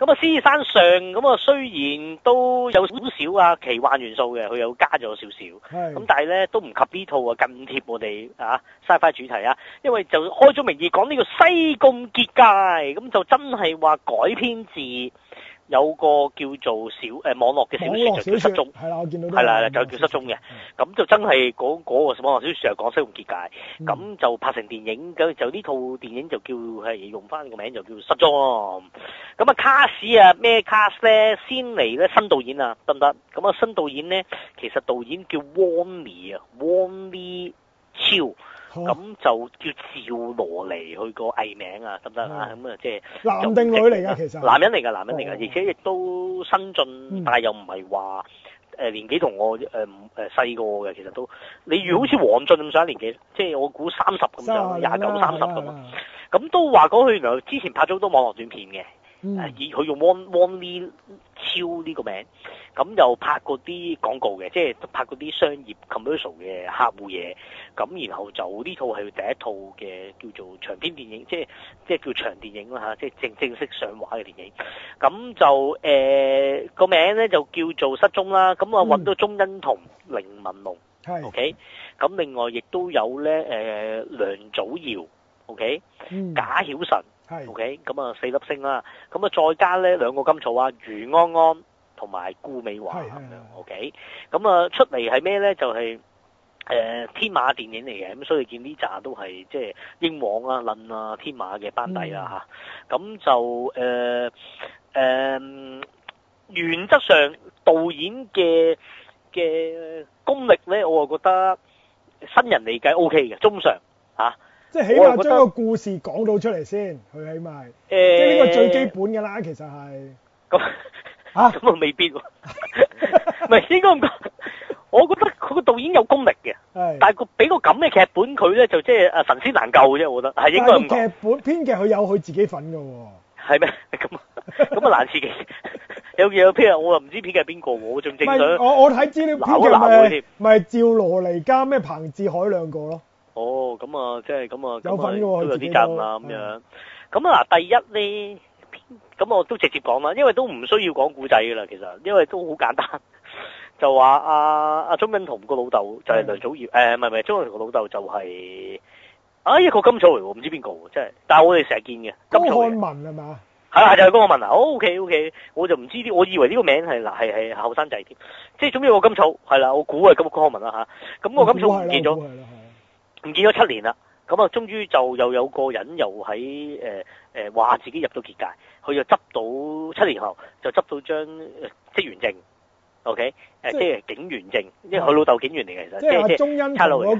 A: 咁啊，獅山上咁啊，雖然都有少少啊奇幻元素嘅，佢又加咗少少，咁是的 但係咧都唔及呢套啊，近貼我哋啊《sci-fi 主題啊，因為就開咗名義講呢個西貢結界，咁就真係話改編自。有個叫做小誒、啊、網絡嘅小説就叫失蹤，
B: 係啦，就叫失
A: 蹤嘅。咁就真係嗰嗰個網絡小説又講西蒙結界，咁、嗯、就拍成電影，咁就呢套電影就叫係用返個名就叫失蹤。咁、嗯、啊，卡士啊咩卡士呢？先嚟呢？新導演啊得唔得？咁啊、那個、新導演呢，其實導演叫 w r 汪微啊，汪微超。咁、哦、就叫趙羅尼佢個藝名啊，得唔得啊？咁啊，即係男定女嚟㗎？其實男人嚟㗎，男人嚟㗎，而且亦都新晉，嗯、但又唔係話年紀同我誒誒細過嘅，其實都你如好似黃俊咁上一年紀，嗯、即係我估三十咁，就廿九三十咁，咁都話講佢原來之前拍咗好多網絡短片嘅，誒佢、嗯、用汪汪 y 超呢個名。咁又拍過啲廣告嘅，即係拍過啲商業 commercial 嘅客戶嘢，咁然後就呢套係佢第一套嘅叫做長篇電影，即係即係叫長電影啦嚇，即係正正式上畫嘅電影。咁就誒個名咧就叫做失蹤啦，咁啊揾到鍾欣桐、凌文龍，係 OK，咁另外亦都有咧誒梁祖堯，OK，嗯，賈曉晨，係 OK，咁啊四粒星啦，咁啊再加咧兩個金草啊，余安安。同埋顧美華咁樣，OK，咁啊出嚟係咩咧？就係、是、誒、呃、天馬電影嚟嘅，咁所以見呢扎都係即係英皇啊、麟啊、天馬嘅班底啊吓，咁、嗯、就誒誒、呃呃，原則上導演嘅嘅功力咧，我就覺得新人嚟計 OK 嘅，中上吓。
B: 啊、即係起碼將個故事講到出嚟先，佢起碼，呃、即係呢個最基本嘅啦，其
A: 實係。 咁啊未必，唔係應該咁講。我覺得佢個導演有功力嘅，但係佢俾個咁嘅劇本佢咧就即係神仙難救嘅啫，我覺得係應該唔同。劇
B: 本編劇佢有佢自己份㗎喎。
A: 係咩？咁咁啊難自己有有，譬如我又唔知編劇係邊個，我仲正想。唔係我我
B: 睇資料，編劇咪咪趙羅尼加咩彭志海兩個咯。
A: 哦，咁啊，即係咁啊，都有啲賺啦咁樣。咁啊嗱，第一咧。咁我都直接講啦，因為都唔需要講古仔噶啦，其實，因為都好簡單，就話阿阿鍾斌同個老豆就係梁祖堯，誒的，唔係唔係，鍾斌同個老豆就係、是，哎、啊，一個甘草嚟，我唔知邊個喎，真係，但我哋成日見嘅。高翰文係嘛？係係就係高翰文啊，OK OK，我就唔知啲，我以為呢個名係嗱係係後生仔添。即係總之我甘草係啦，我估係高翰文啦吓，咁我甘草唔、啊那個、見咗，唔見咗七年啦，咁啊，終於就又有個人又喺誒話自己入到結界，佢就執到七年後就執到張職員證，OK？誒即係是警員證，因為佢老豆警員嚟嘅其實。即係話鐘欣路嘅。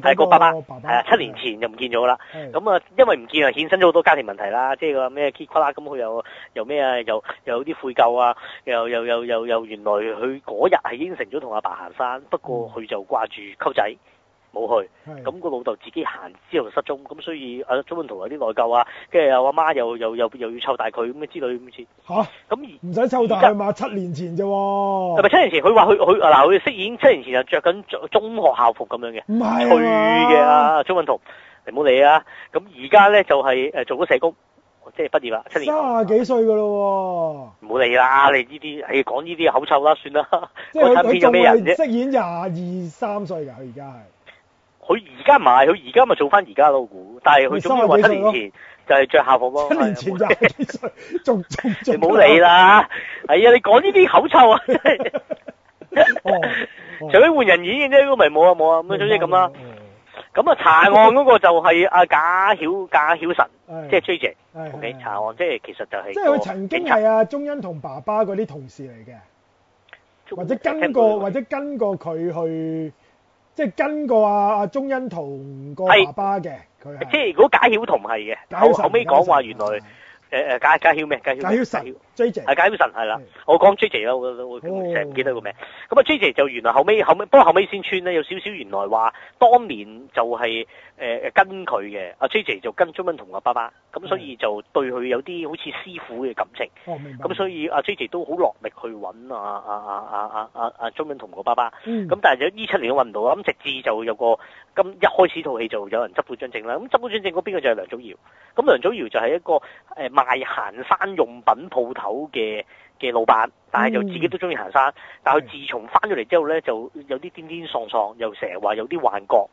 B: 係、嗰個、個爸爸，
A: 係啊，七年前就唔見咗啦。咁啊的，因為唔見啊，衍生咗好多家庭問題啦。即係個咩 key card 啦，咁佢又又咩啊？又又啲悔疚啊？又又又又又原來佢嗰日係應承咗同阿爸行山，不過佢就掛住溝仔。冇去，咁、個老豆自己行之後就失蹤，咁所以阿鍾文圖有啲內疚啊，跟住又阿媽又又又又要湊大佢咁嘅之類咁似，
B: 咁、啊、而咁唔使湊大嘛？七年前啫喎、啊。係咪七年前？佢話佢佢嗱，佢
A: 飾演七年前就着緊中學校服咁樣嘅。唔係去嘅鍾文圖，你唔好理啊！咁而家咧就係、誒、做咗社工，即係畢業啦，七年前。
B: 卅幾歲㗎喇喎！
A: 唔好理啦，你呢啲係講呢啲口臭啦，算啦。即係佢佢佢
B: 飾演廿二,二三歲㗎，佢而家係。
A: 佢而家唔係，佢而家咪做翻而家老股，但係佢終於話七年前就係着校服咯。七年前廿幾歲，仲仲仲。你冇理啦，係啊！你講呢啲口臭啊，即係。除非換人演嘅啫，咁咪冇啊冇啊，咁啊總之咁啦。咁啊查案嗰個就係阿賈曉賈曉晨，即係 J J。O K 查案，即係其實就係。即係佢曾
B: 經係啊，鍾欣同爸爸嗰啲同事嚟嘅，或者跟過，或者跟過佢去。即係跟過啊，鍾欣桐個爸爸嘅，
A: 佢是是即係如果賈曉彤係嘅，賈後後尾講話原來誒誒賈賈曉咩？賈曉 J J 係的 j 係啦，我講 J J 啦，我我成日唔記得個名。咁啊、uh, J J 就原來後尾後尾，不過後尾先穿咧，有少少原來話當年就係、是、誒、呃、跟佢嘅，阿、啊、J J 就跟周文同個爸爸，咁所以就對佢有啲好似師傅嘅感情。咁、oh, 所以阿、啊、J J 都好落力去揾啊啊啊啊啊啊啊周文同個爸爸。咁、mm. 但係就呢七年都揾唔到，咁直至就有個今一開始套戲就有人執到張證啦。咁執到張證嗰邊個就係梁祖堯。咁梁祖堯就係一個誒、呃、賣行山用品鋪口嘅嘅老闆，但係就自己都中意行山，嗯、但係佢自從翻咗嚟之後呢，就有啲癲癲喪喪，又成日話有啲幻覺，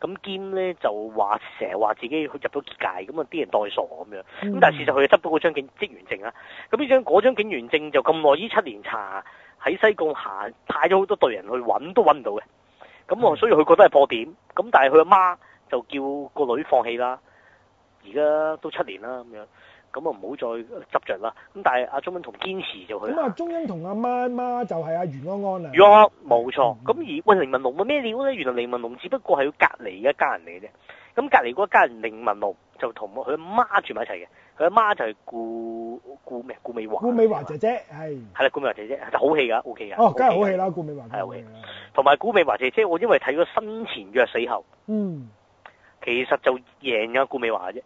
A: 咁兼呢，就話成日話自己去入到結界，咁啊啲人當佢傻咁樣，咁、嗯、但係事實佢就執到嗰張警職員證啦，咁呢張張警員證就咁耐，呢七年查喺西貢行派咗好多隊人去揾都揾唔到嘅，咁我所以佢覺得係破點，咁但係佢阿媽就叫個女放棄啦，而家都七年啦咁樣。咁啊，唔好再執着啦。咁但係阿鐘文同堅持就去啦。咁啊，
B: 鐘文同阿媽媽就係阿袁安安啦。喲，
A: 冇錯。咁、嗯、而凌文龍咩料咧？原來凌文龍只不過係佢隔離嘅一家人嚟嘅啫。咁隔離嗰一家人凌文龍就同佢媽，媽住埋一齊嘅。佢媽，媽就係顧顧咩？顧美華。
B: 顧美華姐姐，係對。
A: 係啦是，顧美華姐姐好戲㗎，o k 㗎。OK、哦，梗係好戲啦，OK、的顧美華。係好戲。同埋顧美華姐姐，我因為睇過生前約死後。
B: 嗯。
A: 其實就贏咗顧美華啫。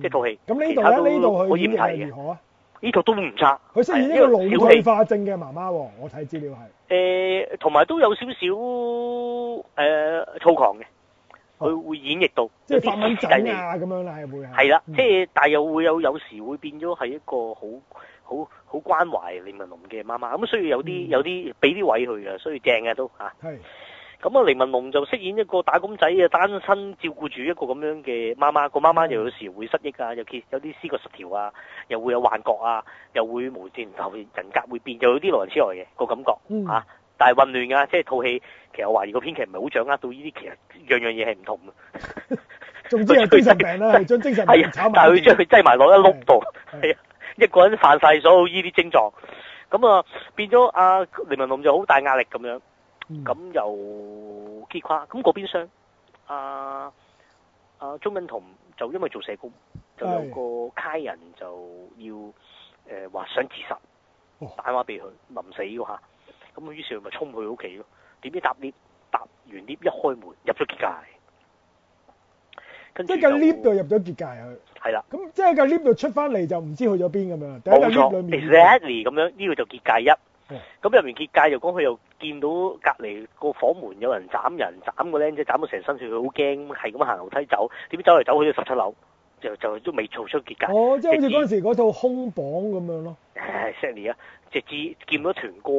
A: 即套戲，咁呢度咧，呢度佢演得如
B: 何
A: 啊？呢套都唔差，佢飾演一個腦退化
B: 症嘅媽媽喎。我睇資料係。
A: 誒，同埋都有少少誒粗狂嘅，佢會演繹到即係發瘟仔啊，
B: 咁樣啦，係會係。係
A: 啦，即係但係又會有有時會變咗係一個好好好關懷李文龍嘅媽媽。咁所以有啲有啲俾啲位佢嘅，所以正嘅都吓。咁啊，林文龍就飾演一個打工仔嘅單身，照顧住一個咁樣嘅媽媽。個媽媽又有時會失憶啊，尤其、嗯、有啲思覺失調啊，又會有幻覺啊，又會無端就人格會變，又有啲來之外嘅個感覺、嗯、啊。但係混亂啊，即係套戲，其實我懷疑個編劇唔係好掌握到呢啲，其實樣樣嘢係唔同嘅。
B: 仲有精神病啦，係啊，但係佢將佢
A: 擠埋落一碌度，係啊，一個人犯晒所有呢啲症狀，咁啊變咗啊林文龍就好大壓力咁樣。咁又揭跨，咁嗰邊廂，阿阿鍾敏彤就因為做社工，就有個街人就要，誒話想自殺，打電話俾佢臨死咯吓，咁於是佢咪衝去佢屋企咯，點知搭 lift，搭完 lift 一開門入咗結界，跟住，即係個 lift
B: 度入咗結界去，係啦，咁即係個 lift 度出翻嚟就唔知去咗邊咁
A: 樣，冇錯，exactly 咁樣呢個就結界一，咁入完結界又講佢又。見到隔籬個房門有人斬人，斬個僆仔斬到成身血，佢好驚，係咁行樓梯走，點走嚟，走去到十七樓，就就都未做出結界。哦，即係好似嗰
B: 陣時嗰套空房咁樣咯。
A: 係 s h a 直至見到團光，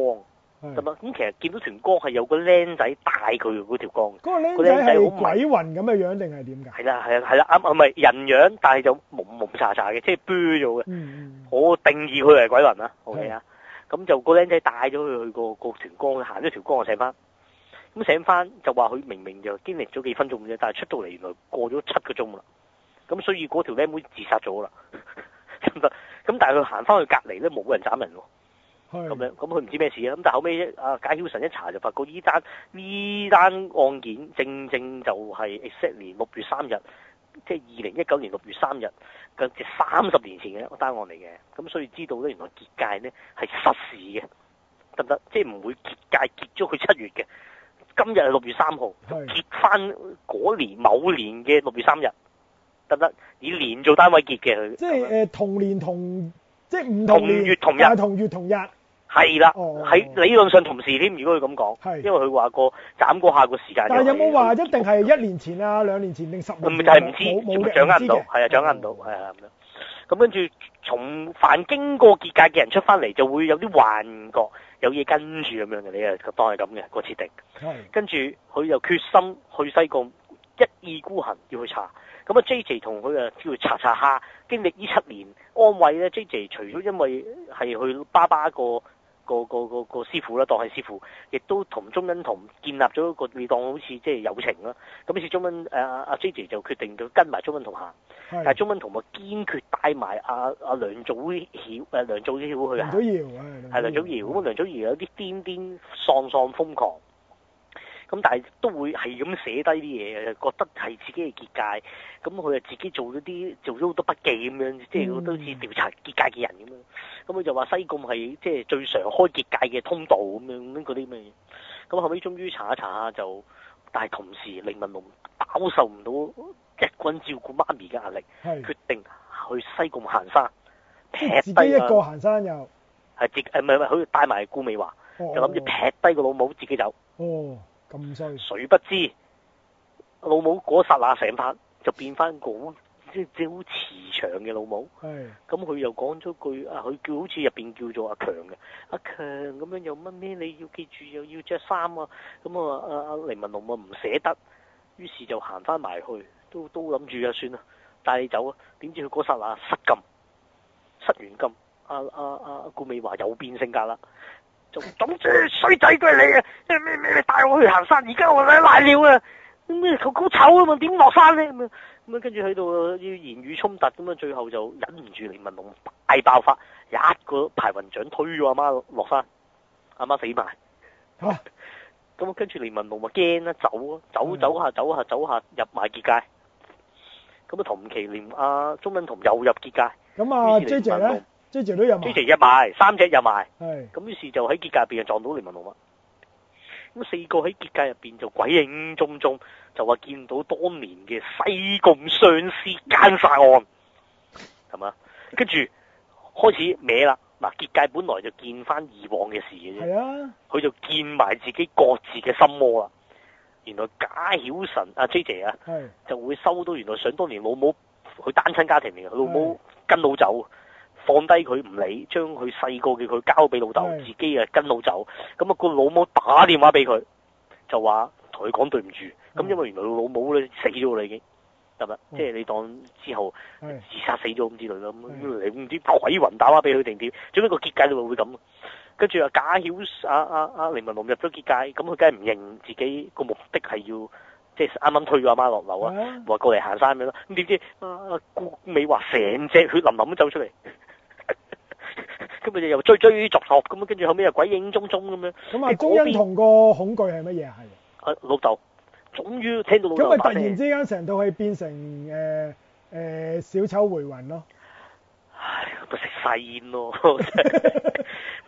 A: 咁咁的其實見到團光係有個僆仔帶佢嗰條光。嗰僆仔係鬼
B: 魂咁嘅樣定係點
A: 噶？係啦係啦係啦，啱啊，唔係人樣，但係就蒙蒙查查嘅，即係 blur 咗嘅。嗯，我定義佢係鬼魂啦。O K 啊。咁就嗰個僆仔帶咗佢去，嗰個，嗰個團江，行咗條江又醒翻。咁醒翻就話佢明明就經歷咗幾分鐘啫，但係出到嚟原來過咗七個鐘啦。咁所以嗰條僆妹自殺咗啦。咁 但係佢行翻去隔離咧，冇人斬人喎。咁樣，咁佢唔知咩事啊？咁但係後尾阿賈曉晨一查就發覺呢單，呢單案件正正就係 exactly 六月三日。即係二零一九年六月三日，咁即三十年前嘅一個單案嚟嘅，咁所以知道咧，原來結界咧係失事嘅，得唔得？即係唔會結界結咗佢七月嘅，今日係六月三號結翻嗰年某年嘅六月三日，得唔得？以年做單位結嘅佢。得唔得？
B: 即係誒同年同即係唔同年，但係同月同日。
A: 係啦，喺理論上同時添，如果佢咁講，因為佢話過斬過下個時間，但係有冇話
B: 一定係一年前啊、兩年前定十年、啊？就係唔知掌握唔到，係啊，掌握
A: 唔到，係啊咁樣。咁跟住從凡經過結界嘅人出翻嚟，就會有啲幻覺，有嘢跟住咁樣嘅，你啊當係咁嘅個設定。的跟住佢又決心去西貢，一意孤行要去查。咁啊，J J 同佢啊叫佢查查下，經歷呢七年安慰咧。J J 除咗因為係佢爸爸個。個個個個師傅啦，當係師傅，亦都同鍾欣潼建立咗個，你當好似即係友情啦。咁好似鍾欣潼，阿、啊、J. J. J. 就決定要跟埋鍾欣潼同行，但係鍾欣潼埋堅決帶埋阿阿梁祖堯，梁祖堯去行。係梁祖堯咁，梁祖堯有啲癲癲喪喪瘋狂。咁但係都會係咁寫低啲嘢，覺得係自己嘅結界。咁佢就自己做咗啲做咗好多筆記咁樣，即係都似調查結界嘅人咁樣。咁佢就話西貢係即係最常開結界嘅通道咁樣嗰啲咩咁後尾終於查一查下就，但係同時林文龍飽受唔到日軍照顧媽咪嘅壓力，是決定去西貢行山，劈低自己一個
B: 行山又
A: 係咪？誒佢帶埋顧美華，
B: 哦、就諗住劈
A: 低個老母自己走。哦。咁真，誰不知，老母嗰剎那成拍就變翻好即係好慈祥嘅老母。咁佢的又講咗句啊，佢叫好似入面叫做阿強嘅，阿強咁樣又乜咩你要記住又要着衫啊，咁啊阿阿林文龍啊唔捨得，於是就行翻埋去，都都諗住啊算啦，帶你走啊，點知佢嗰剎那失禁，失完禁，阿阿阿顧美華又變性格啦。總之衰仔都係你啊！咩咩咩你帶我去行山，而家我喺爛尿啊！咩好高丑啊嘛，點落山咧咁啊咁啊？跟住去到，要言語衝突咁啊，最後就忍唔住林文龍大爆發，一個排雲掌推咗阿媽落山，阿媽死埋。咁啊，跟住林文龍咪驚啦，走咯，走走下走下走下入埋結界。咁啊，中文同期連阿鍾文同又入結界。
B: 咁啊 J J
A: 又入埋，三隻入埋。咁於是，的是就喺結界入邊就撞到靈魂動物。咁四個喺結界入邊就鬼影蹤蹤就話見到當年嘅西貢雙屍奸殺案，係嘛？ 跟住開始歪啦。嗱，結界本來就見翻以往嘅事嘅啫，佢的就見埋自己各自嘅心魔啦，原來賈曉晨啊，J J 啊，J 啊的就會收到原來想當年老母佢單親家庭嚟，老母跟老走。放低佢唔理，將佢細個嘅佢交俾老豆，的自己啊跟老走。咁、那、啊個老母打電話俾佢，就話同佢講對唔住。咁的因為原來個老母咧死咗啦，已經得啦，即係你當之後自殺死咗咁之類咯。你唔知鬼魂打電話俾佢定點？最屘個結界會會咁。跟住啊假曉阿阿阿林文龍入咗結界，咁佢梗係唔認自己個目的係要即係啱啱推咗阿媽落樓啊，話過嚟行山咁樣咯。咁點知阿阿美華成隻血淋淋走出嚟？咁咪又追追逐逐咁，跟住後尾又鬼影蹤蹤咁樣。咁啊，忠恩同
B: 個恐懼係乜嘢啊？
A: 老豆
B: 終於聽到老豆發聲。突然之間成套戲變成誒誒、呃呃、小丑回魂咯。
A: 唉，都食曬煙咯。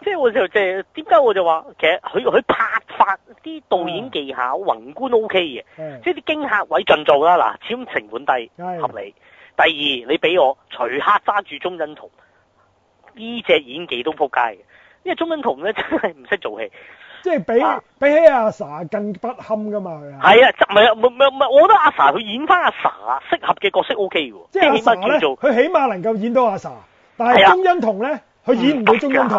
A: 即係 我就即係點解我就話其實佢佢拍法啲導演技巧、啊、宏觀 O K 嘅，啊、即係啲驚嚇位盡做啦。嗱的，始終成本低合理。的第二，你俾我隨刻揸住中恩同。呢隻演技都仆街嘅，因為鐘欣桐咧真係唔識做戲，即係比、啊、比
B: 起阿 Sa 更不堪噶嘛。係
A: 啊，唔係啊，唔唔唔，我覺得阿 Sa 佢演翻阿 Sa 適合嘅角色 O K 喎，即係阿 Sa 咧，
B: 佢起碼能夠演到阿 Sa，但係鐘欣桐咧，佢、啊、演唔到鐘欣桐，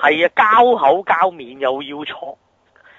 A: 係啊， 啊，交口交面又要錯，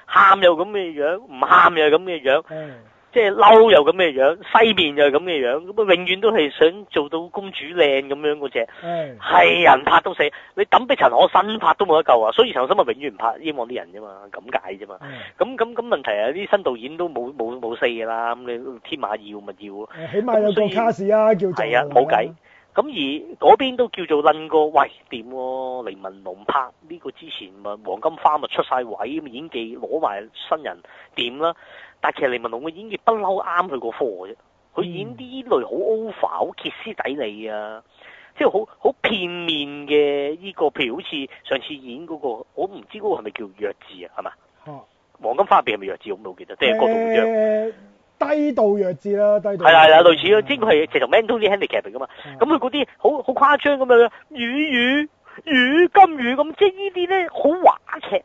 A: 喊又咁嘅樣，樣，唔喊又咁嘅樣，樣。嗯即係嬲又咁嘅樣,樣，西面又咁嘅樣,樣，咁永遠都係想做到公主靚咁樣嗰隻，係、嗯哎、人拍到死，你抌俾陳可辛拍都冇得救啊！所以陳可辛咪永遠唔拍英皇啲人啫嘛，咁解啫嘛。咁咁咁問題啊，啲新導演都冇冇冇四噶啦，咁你天馬要咪要咯？
B: 起碼有個 cast 啊，叫係啊冇計。
A: 咁、啊、而嗰邊都叫做諗過，喂點喎、啊？凌文龍拍呢、呢個之前咪黃金花咪出晒位，演技攞埋新人點啦？但其實李文龍嘅演技不嬲啱佢嗰科嘅啫，佢演啲類好 over 好歇斯底里啊，即係好好片面嘅依、這個，譬如好似上次演嗰、那個，我唔知嗰個係咪叫弱智啊，係嘛？哦、嗯，黃金花臂係咪弱智？我唔記得，即係過度誇張？樣
B: 低度弱智啦，低度弱。係啦係啦，類
A: 似咯，即係佢係直頭 mental disability 嚟㗎嘛。咁佢嗰啲好好誇張咁樣，魚魚魚金魚咁，即係呢啲咧好話劇。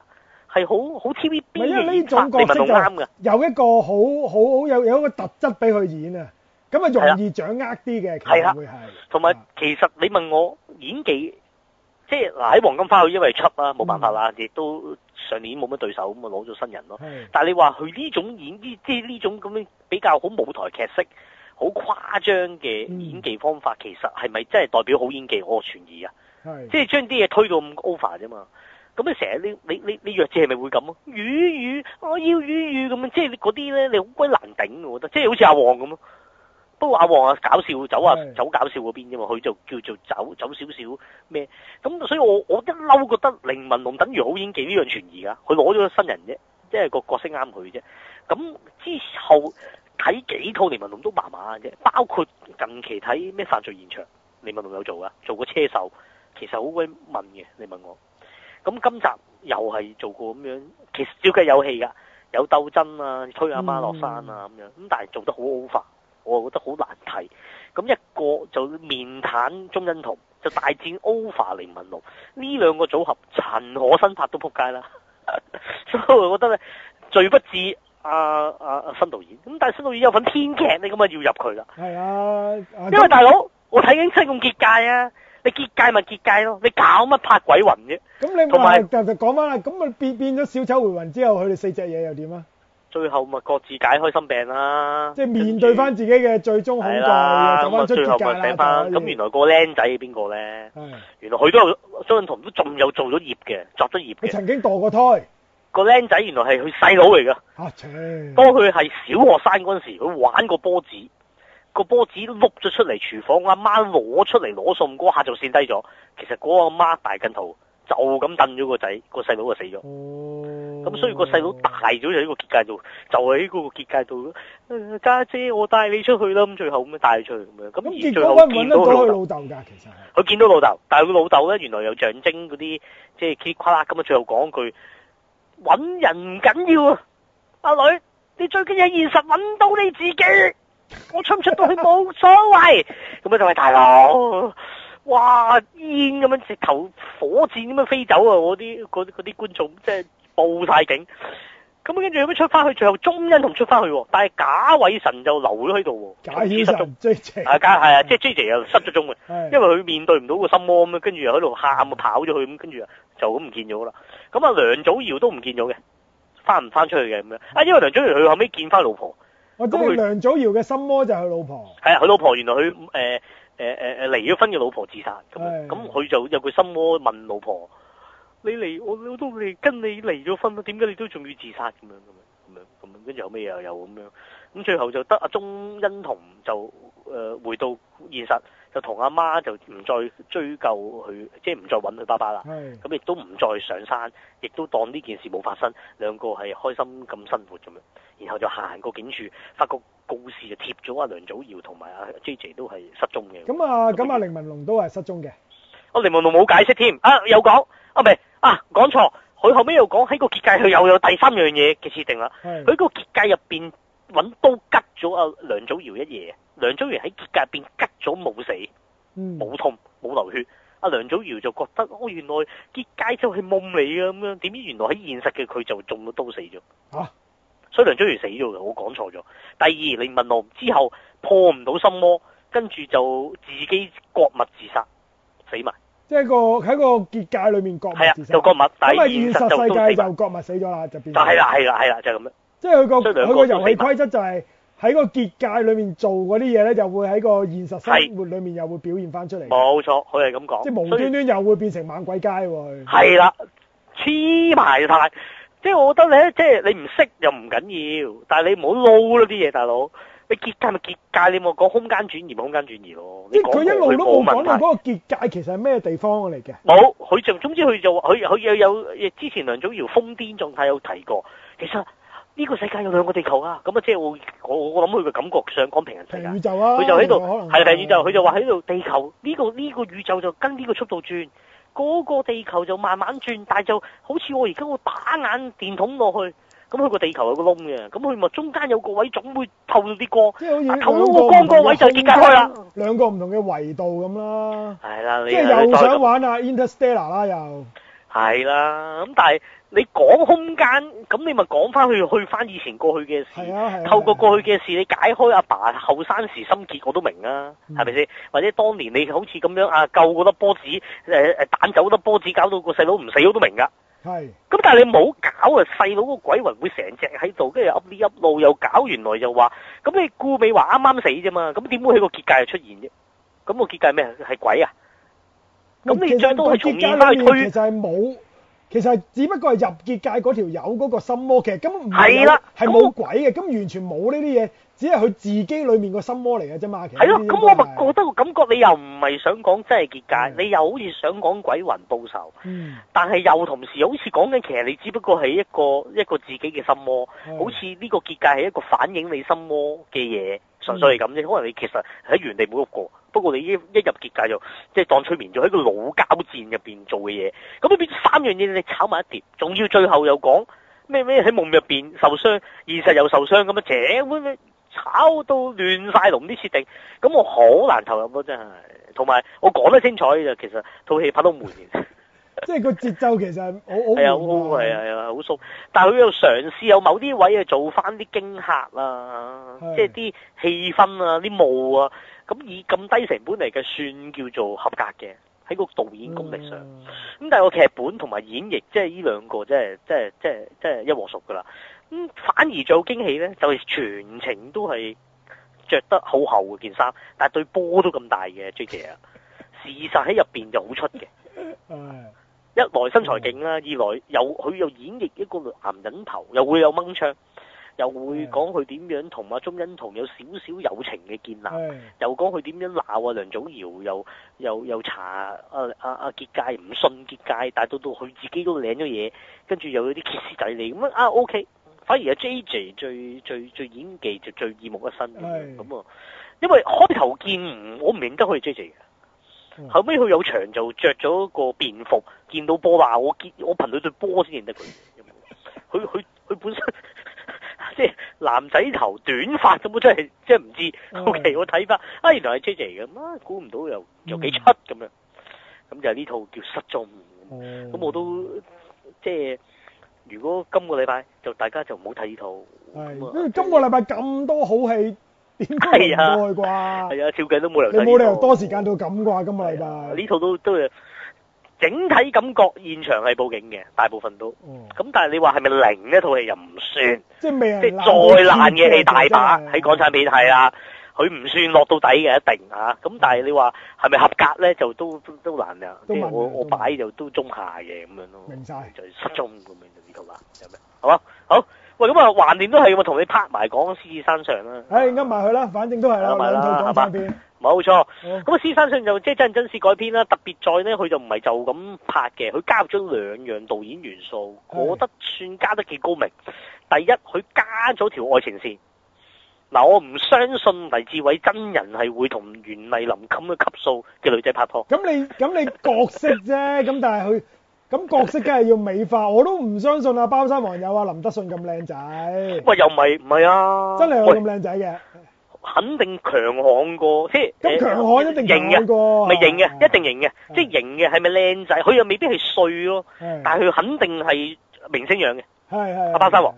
A: 係好好 TVB，唔係因為呢種角色就
B: 有一個好好好有有一個特質俾佢演啊，咁啊容易掌握啲嘅。係啊
A: 的，同埋其，其實你問我演技，即係嗱喺黃金花佢因為出啦，冇辦法啦，亦、嗯、都上年冇乜對手咁啊，攞咗新人咯。的但係你話佢呢種演技即係呢種咁樣比較好舞台劇式，好誇張嘅演技方法，嗯、其實係咪真係代表好演技我傳？我存疑啊，即係將啲嘢推到咁 over 啫嘛。咁你成日你你你你弱智係咪會咁咯？魚魚，我要魚魚咁樣，即係嗰啲咧，你好鬼難頂我覺得，即係好似阿旺咁咯。不過阿旺啊，搞笑，走啊的走，搞笑嗰邊啫嘛，佢就叫做走走少少咩？咁所以我我一嬲覺得凌文龍等於好演技呢樣存疑噶，佢攞咗個新人啫，即係個角色啱佢啫。咁之後睇幾套凌文龍都麻麻嘅啫，包括近期睇咩犯罪現場，凌文龍有做㗎，做個車手，其實好鬼問嘅，你問我。咁今集又係做過咁樣，其實照計有戲噶有鬥爭啊，推阿媽落山啊咁樣，咁但係做得好 over，我覺得好難睇。咁一個就面癱鍾欣桐，就大戰 over 凌文龍，呢兩個組合陳可辛拍都仆街啦， 所以我覺得咧，罪不至啊，啊新導演。咁但係新導演有份編劇，你咁啊要入佢啦。係啊，啊因為大佬我睇緊西貢結界啊。你結界咪結界咯，你搞乜拍鬼魂啫？咁
B: 你同埋就講翻啦，咁咪有變變咗小丑回魂之後，佢哋四隻
A: 嘢又點啊？最後咪各自解開心病啦。即係
B: 面對翻自己嘅了最終恐懼，做翻出脫界啦。咁原來
A: 個僆仔係邊個咧？的原來佢都有張同都仲有做咗業嘅，作咗業嘅。曾
B: 經墮過胎。
A: 個僆仔原來係佢細佬嚟噶。啊切！
B: 當佢係小學
A: 生嗰陣時，佢玩過波子。個波子碌咗出嚟，廚房阿媽攞出嚟攞餸，嗰下就閃低咗。其實嗰個阿媽大緊肚，就咁蹬咗個仔，個細佬就死咗。咁、嗯、所以個細佬大咗就喺個結界度，就喺嗰個結界度。家、啊、姐，姐，我帶你出去啦。咁最後咁樣帶佢出去咁樣，咁那最後見到佢老豆噶，其實佢見到老豆，但係佢老豆咧原來有象徵嗰啲即係嘰哩呱啦咁啊。最後講句，揾人唔緊要，啊，阿女，你最緊要現實揾到你自己。 我出唔出到去冇所謂，咁啊，就係大佬，哇煙咁樣直頭火箭咁樣飛走啊！我啲嗰啲觀眾即係報晒警，咁跟住有咩出翻去？最後鍾欣同出翻去，但係賈偉臣就留咗喺度，賈偉臣啊，係啊，即係 J J 又失咗蹤嘅，因為佢面對唔到個心魔咁樣，跟住又喺度喊啊，跑咗去咁，跟住就咁唔見咗啦。咁啊梁祖堯都唔見咗嘅，翻唔翻出去嘅咁樣啊？因為梁祖堯佢後尾見翻老婆。
B: 我知、哦、梁祖堯嘅心魔就係佢老婆，係啊他，佢老婆
A: 原來佢誒誒誒誒離咗婚嘅老婆自殺咁咁佢就有個心魔問老婆：，你離我都離跟你離咗婚啦，點解你都仲要自殺咁樣咁樣咁樣，跟住後尾又有咁樣，咁最後就得阿鍾欣潼就誒、呃、回到現實。就同阿媽就唔再追究佢，即係唔再揾佢爸爸啦。咁亦都唔再上山，亦都當呢件事冇發生，兩個係開心咁生活咁樣。然後就行過警署，發覺告示就貼咗阿梁祖堯同埋阿 J J 都係失蹤嘅。咁
B: 啊，咁啊，凌的文龍都係失蹤嘅。
A: 阿凌、啊、文龍冇解釋添，啊又講阿銘啊講錯，佢後尾又講喺個結界佢又有第三樣嘢嘅設定啦。佢個的個結界入面揾刀吉咗阿梁祖堯一嘢。梁祖堯喺結界入邊吉咗冇死，冇痛冇流血，阿梁祖堯就覺得哦，原來結界就係夢嚟嘅咁樣，點知原來喺現實嘅佢就中咗刀死咗。
B: 吓、
A: 啊，所以梁祖堯死咗嘅，我講錯咗。第二，你問我之後破唔到心魔，跟住就自己割脈自殺，死埋。即係個喺
B: 個結界裏面割脈自殺。係啊，就割脈，但係現實，就實世界就割脈死咗啦，就變、啊啊啊。就係啦，係
A: 啦，係啦，就係咁樣。
B: 即係佢個佢個遊戲規則就係、是。喺個結界裏面做嗰啲嘢咧，就會喺個現實生活裏面又會表現翻出嚟。
A: 冇錯，佢係咁講，即係無端
B: 端又會變成猛鬼街喎。係啦，
A: 黐埋晒。即係我覺得咧，即係你唔識又唔緊要，但係你唔好撈啦啲嘢，大佬。你結界咪結界，你冇講空間轉移，咪空間轉移咯。即佢一路都冇講到嗰個
B: 結界其實係咩地方嚟嘅。冇，
A: 佢就總之佢就佢佢又有，有之前梁祖堯瘋癲狀態有提過，其實。呢個世界有兩個地球啊，咁啊即係我我我諗佢嘅感覺想講平行世
B: 界，佢就喺度係第二宇宙，佢就話喺
A: 度地球呢個呢個宇宙就跟呢個速度轉，嗰個地球就慢慢轉，但係就好似我而家我打眼電筒落去，咁佢個地球有個窿嘅，咁佢咪中間有個位總會透到啲光，透到個光個位就結界開啦，
B: 兩個唔同嘅維度咁啦，係啦，你即係又想
A: 玩啊 Interstellar 啦又，係啦，咁但係。你講空間，咁你咪講翻去去翻以前過去嘅事，啊啊、透過過去嘅事，你解開阿爸後生時心結，我都明啊，係咪先？或者當年你好似咁樣啊救嗰粒波子，誒、呃、彈走粒波子，搞到個細佬唔死我都明噶。係，咁但係你冇搞啊，細佬個鬼魂會成隻喺度，跟住 up 呢 up 路又搞，原來又話，咁你顧美華啱啱死啫嘛，咁點會喺個結界出現啫？咁、那個結界咩？係鬼啊？咁實你最多去重演翻去推，其
B: 實係冇。其實只不過係入結界嗰條友嗰個心魔，其實根本冇，係冇鬼嘅，咁我完全冇呢啲嘢，只係佢自己裏面個心魔嚟嘅啫嘛。
A: 係咯，咁我咪覺得個感覺，你又唔係想講真係結界，嗯、你又好似想講鬼魂報仇，嗯、但係又同時好似講緊，其實你只不過係一個一個自己嘅心魔，嗯、好似呢個結界係一個反映你心魔嘅嘢。純粹係咁啫，可能你其實喺原地冇喐過，不過你一一入結界就即係當催眠咗，喺個腦交戰入面做嘅嘢，咁呢邊三樣嘢你炒埋一碟，仲要最後又講咩咩喺夢入面受傷，現實又受傷咁樣，全部咩炒到亂晒龍啲設定，咁我好難投入咯，真係，同埋我講得清楚就其實套戲拍到悶。
B: 即係個節奏其
A: 實好好，係啊係啊係啊，好熟，但係佢又嘗試有某啲位啊做翻啲驚嚇啊， 即係啲氣氛啊、啲霧啊，咁以咁低成本嚟嘅算，算叫做合格嘅喺個導演功力上，咁、嗯、但係個劇本同埋演繹即係呢兩個即係即係即係即係一鑊熟㗎啦。咁反而仲有驚喜咧，就係、是、全程都係着得好厚嘅件衫，但係對波都咁大嘅 J J 啊， 實事實喺入邊就好出嘅。嗯一來身材勁啦，嗯、二來又佢又演繹一個男人頭，又會有掹槍，又會講佢點樣同阿鐘欣桐有少少友情嘅建立，嗯、又講佢點樣鬧啊梁祖堯，又又又查阿阿阿結界唔信結界，但係到到佢自己都領咗嘢，跟住又有啲揭斯底你。咁啊 OK，反而阿 J J 最最最演技就最,最耳目一新咁、嗯、啊！因為開頭見唔我唔認得佢 J J 嘅，後尾佢有場就着咗個便服。見到波啦！我見我憑佢對波先認得佢，佢佢佢本身 即係男仔頭短髮咁樣，真係即係唔知道。O K，、嗯、我睇翻啊，原來係 J J 嚟嘅，啊，估唔到又做幾出咁樣，咁就呢套叫失蹤。咁、嗯、我都即係如果今個禮拜就大家就唔好睇呢套。係是，
B: 今個禮拜咁多好戲，點解唔啩？係
A: 啊，照計都冇理由。啊、理由你冇理由多
B: 時間到咁啩？今個禮拜呢
A: 套都都。整體感覺現場係報警嘅，大部分都。咁但係你話係咪零呢套戲又唔算，
B: 即係即係再爛嘅戲大把，
A: 喺港產片係啦。佢唔算落到底嘅一定嚇，咁但係你話係咪合格呢就都都都難呀。即係我我擺就都中下嘅咁樣咯。明曬就失蹤咁樣就呢個話有咩係嘛好。喂，咁啊，橫掂都係我同你拍埋講《獅子山上》啦。
B: 誒，噏埋佢啦，反正都係啦，冇
A: 吧錯。咁、嗯《獅子山上》就即係真人真事改編啦，特別在呢，佢就唔係就咁拍嘅，佢加入咗兩樣導演元素，的我覺得算加得幾高明。第一，佢加咗條愛情線。嗱，我唔相信黎志偉真人係會同袁麗林咁嘅級數嘅女仔拍拖。
B: 咁你咁你角色啫，咁 但係佢。咁角色梗係要美化，我都唔相信啊！包山王有啊林德信咁靚仔，
A: 喂又唔係唔係啊！真係有咁靚仔嘅，肯定強悍過，即係咁強悍一定型嘅，咪型嘅一定型嘅，即係型嘅係咪靚仔？佢又未必係帥咯，但係佢肯定係明星樣嘅，係係啊包山王，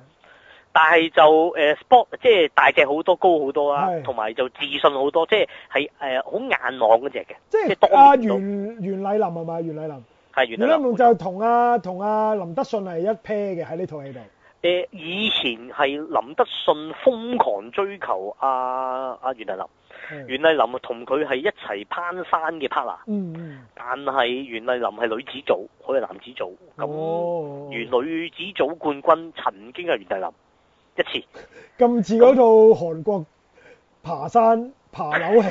A: 但係就誒 sport 即係大隻好多，高好多啊，同埋就自信好多，即係係誒好硬朗嗰隻嘅，
B: 即係阿袁袁麗琳係咪啊袁麗琳？係袁立林就同阿同阿林德信係一 pair 嘅，喺呢套戲度。
A: 誒，以前係林德信瘋狂追求阿、啊、阿、啊、袁立林，袁立林同佢係一齊攀山嘅 partner、嗯嗯。嗯但係袁立林係女子組，佢係男子組。哦，哦，哦，哦。原女子組冠軍曾經係袁立林一次。
B: 今次嗰套韓國爬山爬樓
A: 戲。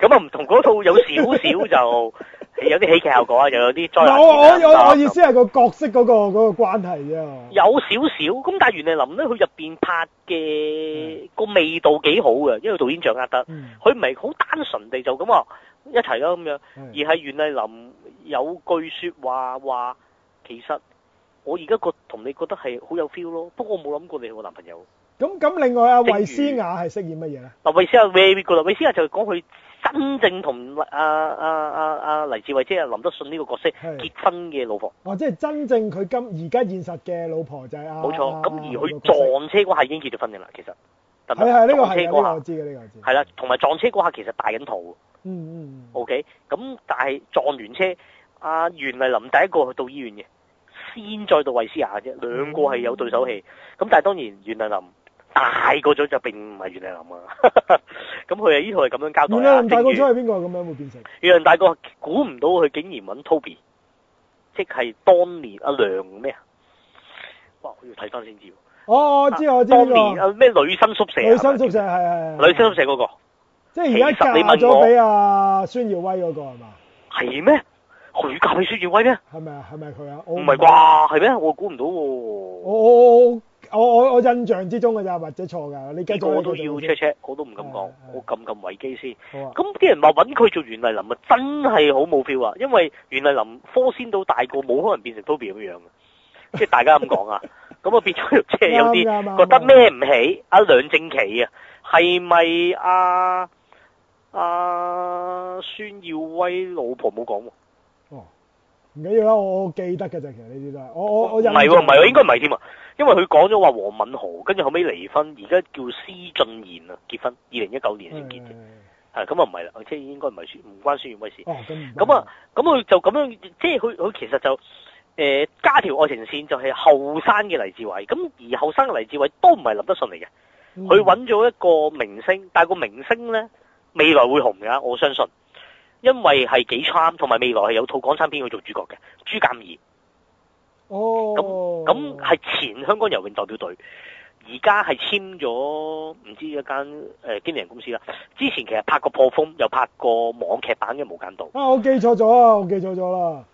A: 咁啊，唔同嗰套有少少就。 有啲喜劇效果啊，又有啲災難。我我對我意
B: 思係個角色嗰、那個嗰、那個關係啊。
A: 有少少，咁但係袁麗琳咧，佢入邊拍嘅、嗯、個味道幾好嘅，因為導演掌握得。佢唔係好單純地就咁話一齊咯咁樣，嗯、而係袁麗琳有句説話話，其實我而家覺同你覺得係好有 feel 咯。不過我冇諗過你係我男朋友。
B: 咁咁，另外阿、啊、衛如詩雅係飾演乜嘢
A: 咧？嗱，衛詩雅 very 個咯，衛詩雅就講佢。真正同阿阿阿阿黎志偉即係林德信呢個角色是結婚嘅老婆，
B: 或者係真正佢今而家現實嘅老婆就係啊冇錯。咁錯、啊、而佢
A: 撞車嗰下已經結咗婚嘅啦，啊啊、其實係咪？是是的撞車嗰下，這個、我知嘅呢、這個，係啦，同埋撞車嗰下其實大緊肚。嗯，嗯嗯。O K，咁但係撞完車，阿、啊、袁澧林第一個去到醫院嘅，先再到衛詩雅啫，兩個係有對手戲。咁、嗯嗯、但係當然袁澧林。大個咗就並唔係袁定林啊，咁佢啊呢套係咁樣交代啦。大個咗係
B: 邊個咁樣會變成？
A: 袁定大個估唔到佢竟然揾 Toby，即係當年阿梁咩啊？哇，我要睇翻先知。哦，我知我知。當年啊咩女生宿舍？女生宿舍係係。女生宿舍嗰個。即係而家你問咗俾阿
B: 孫耀威嗰個係嘛？
A: 係咩？佢嫁俾孫耀威咩？係咪啊？係咪佢啊？唔係啩？係咩？我估唔到
B: 喎。哦。我我我印象之中嘅咋，或者錯噶？你計過？我都要
A: check check，我都唔敢講，我撳撳維基先。咁啲、啊、人話搵佢做袁麗琳啊，真係好冇 feel 啊！因為袁麗琳科先到大個，冇可能變成 Toby 咁樣嘅。即係 大家咁講啊。咁啊 的，變咗即係有啲覺得孭唔起。阿梁靖琪啊，係咪啊？啊，孫耀威老婆冇講、啊？
B: 哦，唔緊要啦，我記得㗎就其實呢啲都係。我我我唔係喎，唔係喎，應
A: 該唔係添啊。因為佢講咗話黃敏豪，跟住後尾離婚，而家叫施俊賢啊結婚，二零一九年先結啫，係咁啊唔係啦，即係應該唔係算唔關孫耀威事。咁啊，咁佢、哦嗯嗯、就咁樣，即係佢佢其實就誒、呃、加條愛情線就係後生嘅黎志偉，咁而後生嘅黎志偉都唔係林德信嚟嘅，佢揾咗一個明星，但係個明星呢未來會紅噶，我相信，因為係幾慘，同埋未來係有套港產片去做主角嘅朱鑑怡。哦，咁咁係前香港游泳代表隊，而家係簽咗唔知一間誒經紀公司啦。之前其實拍過破風，又拍過網劇版嘅無間道。
B: 啊，我記錯咗啊，我記錯咗啦。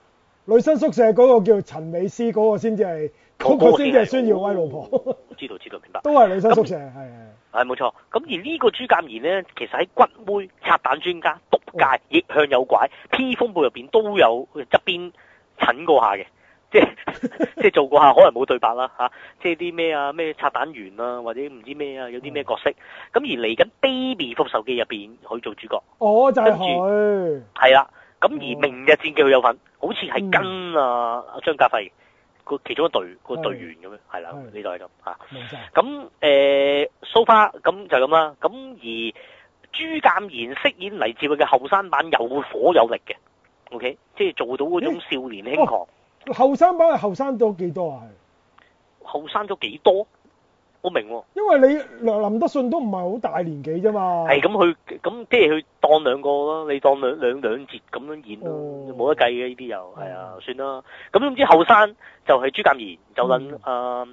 B: 女生宿舍嗰個叫陳美詩，嗰個先至係，嗰個先係孫耀威老婆、哦嗯嗯。
A: 知道知道明白，都係女生宿
B: 舍係
A: 係係，冇錯那。咁而呢個朱鑒然呢，其實喺骨妹、拆彈專家、毒戒、逆向誘拐。P、oh. 風暴入邊都有側邊襯過下嘅。 即係，即做過下可能冇對白啦吓、啊，即係啲咩啊咩拆彈員啊或者唔知咩啊有啲咩角色，咁、嗯、而嚟緊《Baby 復仇記》入邊佢做主角，哦就係佢係啦，咁、哦、而《明日戰記》佢有份，好似係跟啊張家輝個其中一隊，那個隊員咁樣，係啦呢度係咁吓，明白，嗯呃、so far 咁就咁啦，咁而朱鑑賢飾演嚟自佢嘅後生版有火有力嘅，OK，即係做到嗰種少年輕狂。欸哦
B: 後生版係後生咗幾多啊？
A: 後生咗幾多？我明、啊，
B: 因為你林德信都唔係好大年紀啫嘛。係咁，
A: 佢咁即係佢當兩個咯，你當兩兩兩節咁樣演咯，冇、哦、得計嘅呢啲又係啊，算啦。咁總之後生就係朱鑑然就等誒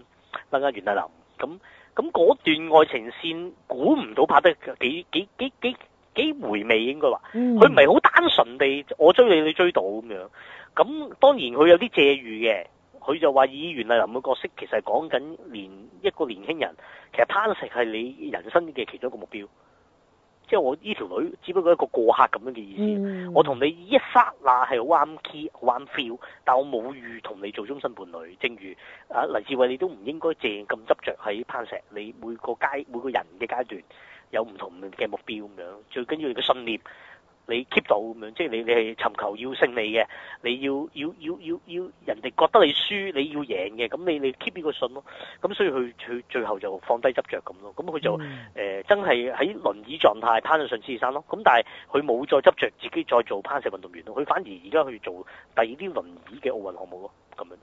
A: 等間袁澧林。咁咁嗰段愛情線，估唔到拍得幾幾幾幾幾回味應該話。佢唔係好單純地我追你，你追到咁樣。咁當然佢有啲借喻嘅，佢就話以袁麗琳嘅角色，其實係講緊年一個年輕人，其實攀石係你人生嘅其中一個目標。即係我呢條女，只不過一個過客咁樣嘅意思。嗯、我同你一剎那係好啱 key，好啱 feel，但我冇預同你做終身伴侶。正如啊黎志偉，你都唔應該正咁執着喺攀石。你每個階每個人嘅階段有唔同嘅目標咁樣，最緊要你嘅信念。你 keep 到咁樣即係你你係尋求要勝利嘅，你要要要要要人哋覺得你輸，你要贏嘅咁，你你 keep 呢個信咯。咁所以佢佢最後就放低執着咁咯。咁佢就誒、嗯呃、真係喺輪椅狀態攀上獅子山咯。咁但係佢冇再執着自己再做攀石運動員咯，佢反而而家去做第二啲輪椅嘅奧運項目咯。咁樣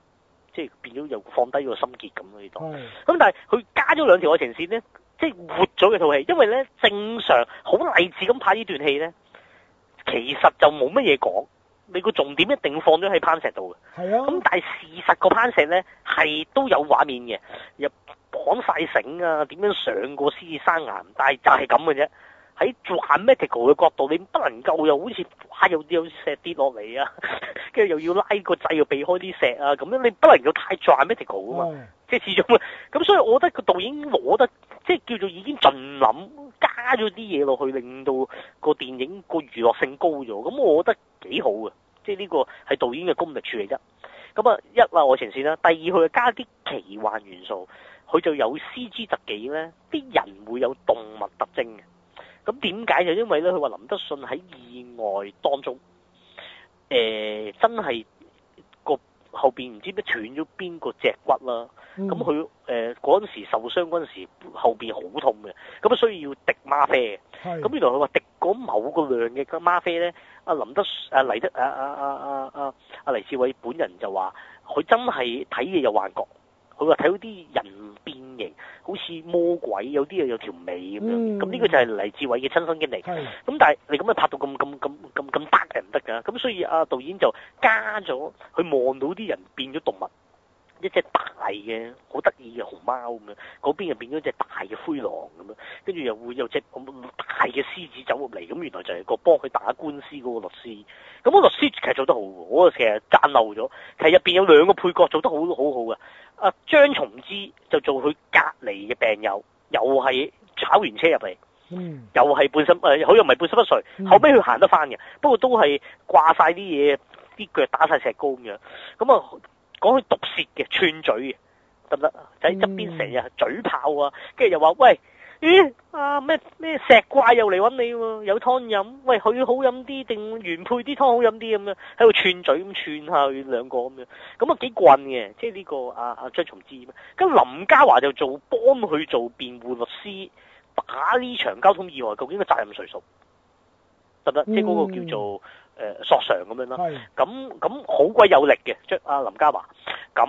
A: 即係變咗又放低個心結咁呢度咁，咁佢嗯、但係佢加咗兩條愛情線呢，即係活咗嘅套戲，因為呢正常好勵志咁拍呢段戲呢。其實就冇乜嘢講，你個重點一定放咗喺攀石度嘅。係啊。咁但係事實個攀石咧係都有畫面嘅，又綁晒繩啊，點樣上個獅子山岩，但係就係咁嘅啫。喺 dramatical 嘅角度，你不能夠又好似有啲好似石跌落嚟啊，跟 住又要拉個掣，要避開啲石啊，咁樣你不能夠太 dramatical 啊嘛。即係、啊、始終，咁所以我覺得個導演攞得。即係叫做已經盡諗，加咗啲嘢落去，令到個電影個娛樂性高咗，咁我覺得幾好嘅，即係呢個係導演嘅功力處理啫。咁啊，一係愛情線啦，第二佢就加啲奇幻元素，佢就有 CG 特技咧，啲人會有動物特徵嘅。咁點解就因為咧？佢話林德信喺意外當中，誒、欸、真係。後邊唔知咩斷咗邊個隻骨啦，咁佢誒嗰陣時受傷嗰陣時，後面好痛嘅，咁啊需要滴嗎啡咁是的 原來佢話滴嗰某個量嘅個嗎啡咧，阿林德阿黎德啊啊啊啊啊黎志偉本人就話，佢真係睇嘢有幻覺。佢話睇到啲人變形，好似魔鬼，有啲又有條尾咁樣。咁呢、嗯、個就係黎志偉嘅親身經歷。咁、嗯、但係你咁樣拍到咁咁咁咁咁得係唔得㗎？咁所以啊導演就加咗去望到啲人變咗動物。一隻大嘅好得意嘅熊貓咁樣，嗰邊又變咗隻大嘅灰狼咁樣，跟住又會有隻咁大嘅獅子走入嚟，咁原來就係個幫佢打官司嗰個律師。咁個律師其實做得好喎，我成日讚漏咗。其實入面有兩個配角做得好好好嘅，阿張松枝就做佢隔離嘅病友，又係炒完車入嚟，嗯、又係半身佢、啊、又唔係半身不遂，後尾佢行得翻嘅，不過都係掛晒啲嘢，啲腳打晒石膏咁樣，咁啊。講佢毒舌嘅，串嘴嘅，得唔得啊？就喺側邊成日嘴炮啊，跟住又話喂，咦啊咩咩石怪又嚟搵你喎、啊？有湯飲，喂佢好飲啲定原配啲湯好飲啲咁樣，喺度串嘴咁串下佢兩個咁樣，咁啊幾棍嘅，即係呢、這個阿阿張松之，咁、啊、林嘉華就做幫佢做辯護律師，打呢場交通意外究竟個責任誰屬，得唔得？嗯、即係嗰個叫做。誒、呃、索償咁樣咯，咁咁好鬼有力嘅，即阿林嘉華，咁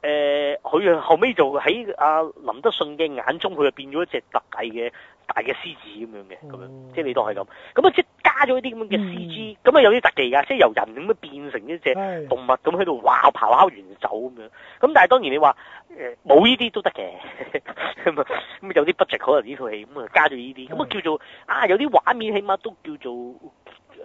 A: 誒佢後尾就喺阿、啊、林德信嘅眼中，佢就變咗一隻特大嘅大嘅獅子咁樣嘅，咁、嗯、樣，樣，樣即係你當係咁，咁啊即係加咗啲咁嘅 C G，咁啊、嗯、有啲特技噶，即係由人咁樣變成一隻動物咁喺度哇咆哮完走咁樣，咁但係當然你話誒冇呢啲都得嘅，咁 有啲不值可能呢套戲咁啊加咗呢啲，咁啊叫做是啊有啲畫面起碼都叫做。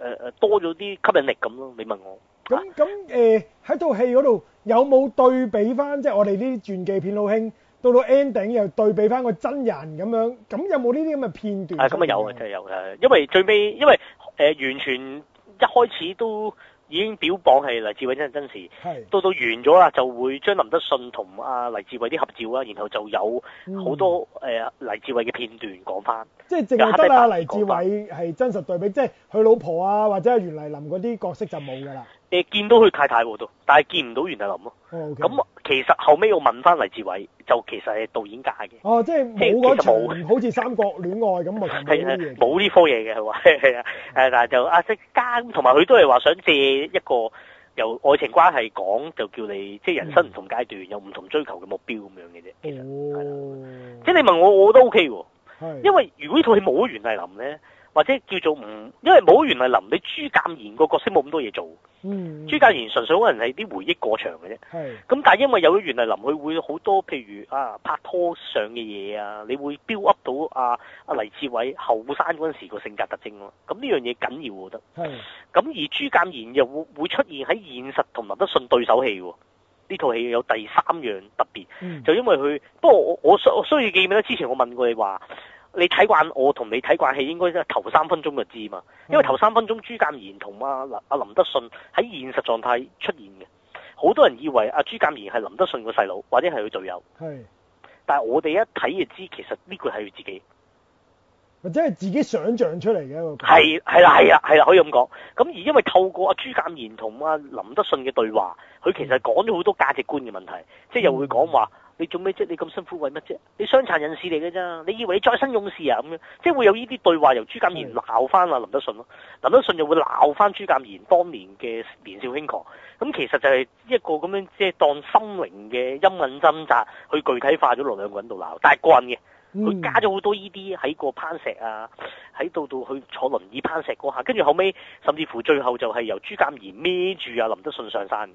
A: 誒誒，多咗啲吸引力咁咯，你問我。咁咁
B: 誒，喺套戲嗰度有冇對比翻，即係我哋呢啲傳記片老兄到到 ending 又對比翻個真人咁樣？咁有冇呢啲咁嘅片段？係咁啊，有啊，真係
A: 有嘅，因為最尾因為誒、呃、完全一開始都。已經標榜係黎智偉真人真事，是到到完咗啦，就會將林德信同阿黎智偉啲合照啊，然後就有好多、嗯、黎智偉嘅片段講返，
B: 即係淨係得啊黎智偉係真實對比，即係佢老婆啊或者阿袁麗琳嗰啲角色就冇㗎啦。嗯
A: 誒，見到佢太太喎都，但係見唔到袁澧林咯。咁 Okay. 其實後尾我問翻黎智偉，就其實係導演假嘅。哦，
B: 即係冇，沒有好似《三角戀愛》咁咪冇呢冇呢
A: 科嘢嘅係話，係啊，但係就阿即加，同埋佢都係話想借一個由愛情關係講，就叫你即係人生唔同階段有唔、mm hmm. 同追求嘅目標咁樣嘅啫。哦、oh.，即係你問我我都 OK 喎，的因為如果套戲冇咗袁澧林咧。或者叫做唔，因為冇原嚟林，你朱鑑賢個角色冇咁多嘢做。嗯。朱鑑賢純粹可能係啲回憶過長嘅啫。係是。咁但係因為有咗原嚟林，佢會好多譬如啊拍拖上嘅嘢啊，你會標 u p 到阿阿、啊、黎智偉後生嗰陣時個性格特徵咯。咁呢樣嘢緊要我覺得。係是。咁而朱鑑賢又會，會出現喺現實同林德信對手戲喎。呢套戲有第三樣特別，嗯、就因為佢，不過我我需我需唔記得之前我問過你話。你睇慣我同你睇慣戲，應該咧頭三分鐘就知嘛。因為頭三分鐘，嗯、朱鑑賢同阿阿林德信喺現實狀態出現嘅，好多人以為阿朱鑑賢係林德信個細佬，或者係佢隊友。是但係我哋一睇就知，其實呢個係佢自己。
B: 或者係自己想象出嚟嘅。係係啦係啊，係啦，可以咁
A: 講。咁而因為透過阿朱鑑賢同阿林德信嘅對話，佢其實講咗好多價值觀嘅問題，嗯、即係又會講話。你做咩啫？你咁辛苦為乜啫？你傷殘人士嚟嘅咋？你以為你再生勇士啊咁樣？即係會有呢啲對話由朱鑑賢鬧翻阿林德信咯，的林德信又會鬧翻朱鑑賢當年嘅年少輕狂。咁其實就係一個咁樣即係當心靈嘅陰暗掙扎，去具體化咗落兩個人度鬧。但係慣嘅，佢、嗯、加咗好多呢啲喺個攀石啊，喺度度去坐輪椅攀石嗰下，跟住後尾，甚至乎最後就係由朱鑑賢孭住阿林德信上山。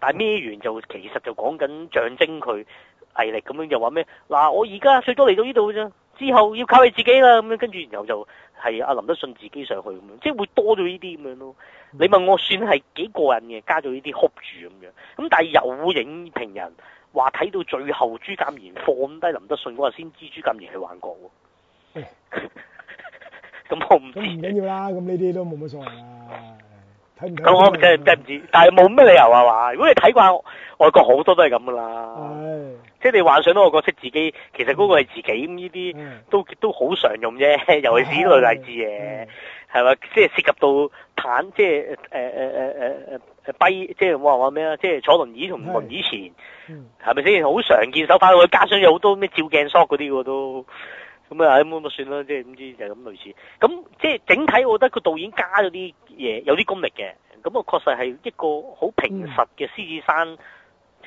A: 但孭完就其實就講緊象徵佢毅力咁樣，就話咩？嗱、啊，我而家最多嚟到呢度啫，之後要靠你自己啦。咁樣跟住然後就係阿林德信自己上去咁樣，即係會多咗呢啲咁樣咯。你問我算係幾過癮嘅，加咗呢啲 hold 住咁樣。咁但係有影評人話睇到最後朱鑑然放低林德信嗰陣先知朱鑑然係幻覺喎。咁嘿
B: 我唔知，唔緊要啦，咁呢啲都冇乜所謂啊。
A: 咁我真係真係唔知，但係冇咩理由係嘛？如果你睇慣外國好多都係咁噶啦，的即係你幻想到個角色自己，其實嗰個係自己咁呢啲都都好常用啫。尤其是呢類例子嘅，係咪的的？即係涉及到攤，即係誒誒誒誒誒誒跛，即係我話咩啊？即係坐輪椅同以前，係咪先好常見手法？佢加上有好多咩照鏡 shot 嗰啲嘅都。咁啊，咁咁算啦，即係點知就係咁類似。咁即係整體我覺得個導演加咗啲嘢，有啲功力嘅。咁啊，確實係一個好平實嘅獅子山。嗯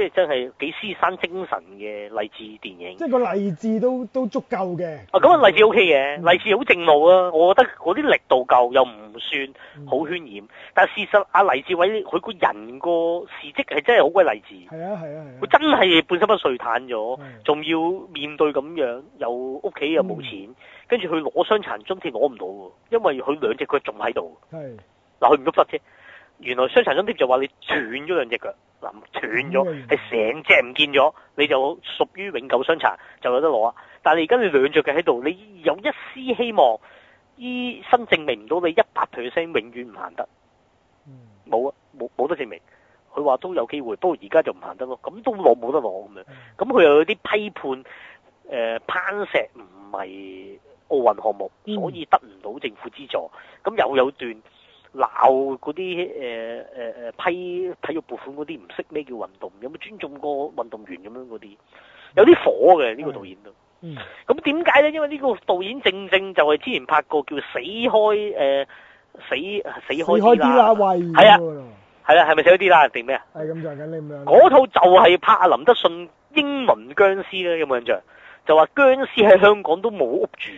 A: 即係真係幾師生精神嘅勵志電影，即
B: 係個勵志都都足夠嘅。
A: 啊，咁啊勵志 O K 嘅，勵志好正路啊！我覺得嗰啲力度夠，又唔算好渲染。嗯、但係事實阿黎志偉佢個人個事蹟係真係好鬼勵志。
B: 係啊係啊佢、啊、真係
A: 半身不遂攤咗，仲、啊、要面對咁樣，有家又屋企又冇錢，跟住佢攞傷殘津貼攞唔到喎，因為佢兩隻腳仲喺度。係、啊。嗱，佢唔郁得啫。原來傷殘津貼就話你斷咗兩隻腳，嗱，斷咗係成隻唔見咗，你就屬於永久傷殘就有得攞。但係你而家你兩隻腳喺度，你有一絲希望，醫生證明唔到你一百 percent 永遠唔行得，冇啊，冇冇得證明。佢話都有機會，不過而家就唔行得咯。咁都攞冇得攞咁樣，咁佢又有啲批判誒、呃、攀石唔係奧運項目，所以得唔到政府資助。咁又有，有段。鬧嗰啲誒誒誒批體育撥款嗰啲唔識咩叫運動，有冇尊重過運動員咁樣嗰啲？有啲火嘅呢、嗯、個導演都，咁點解咧？因為呢個導演正正就係之前拍過叫死開誒、呃、死死開啲啦，
B: 係啊係啦，係咪死
A: 開啲啦定咩啊？係咁就係咁你咪咯。
B: 嗰
A: 套就係拍阿林德信英文僵屍咧，有冇印象？就話僵屍喺香港都冇屋住。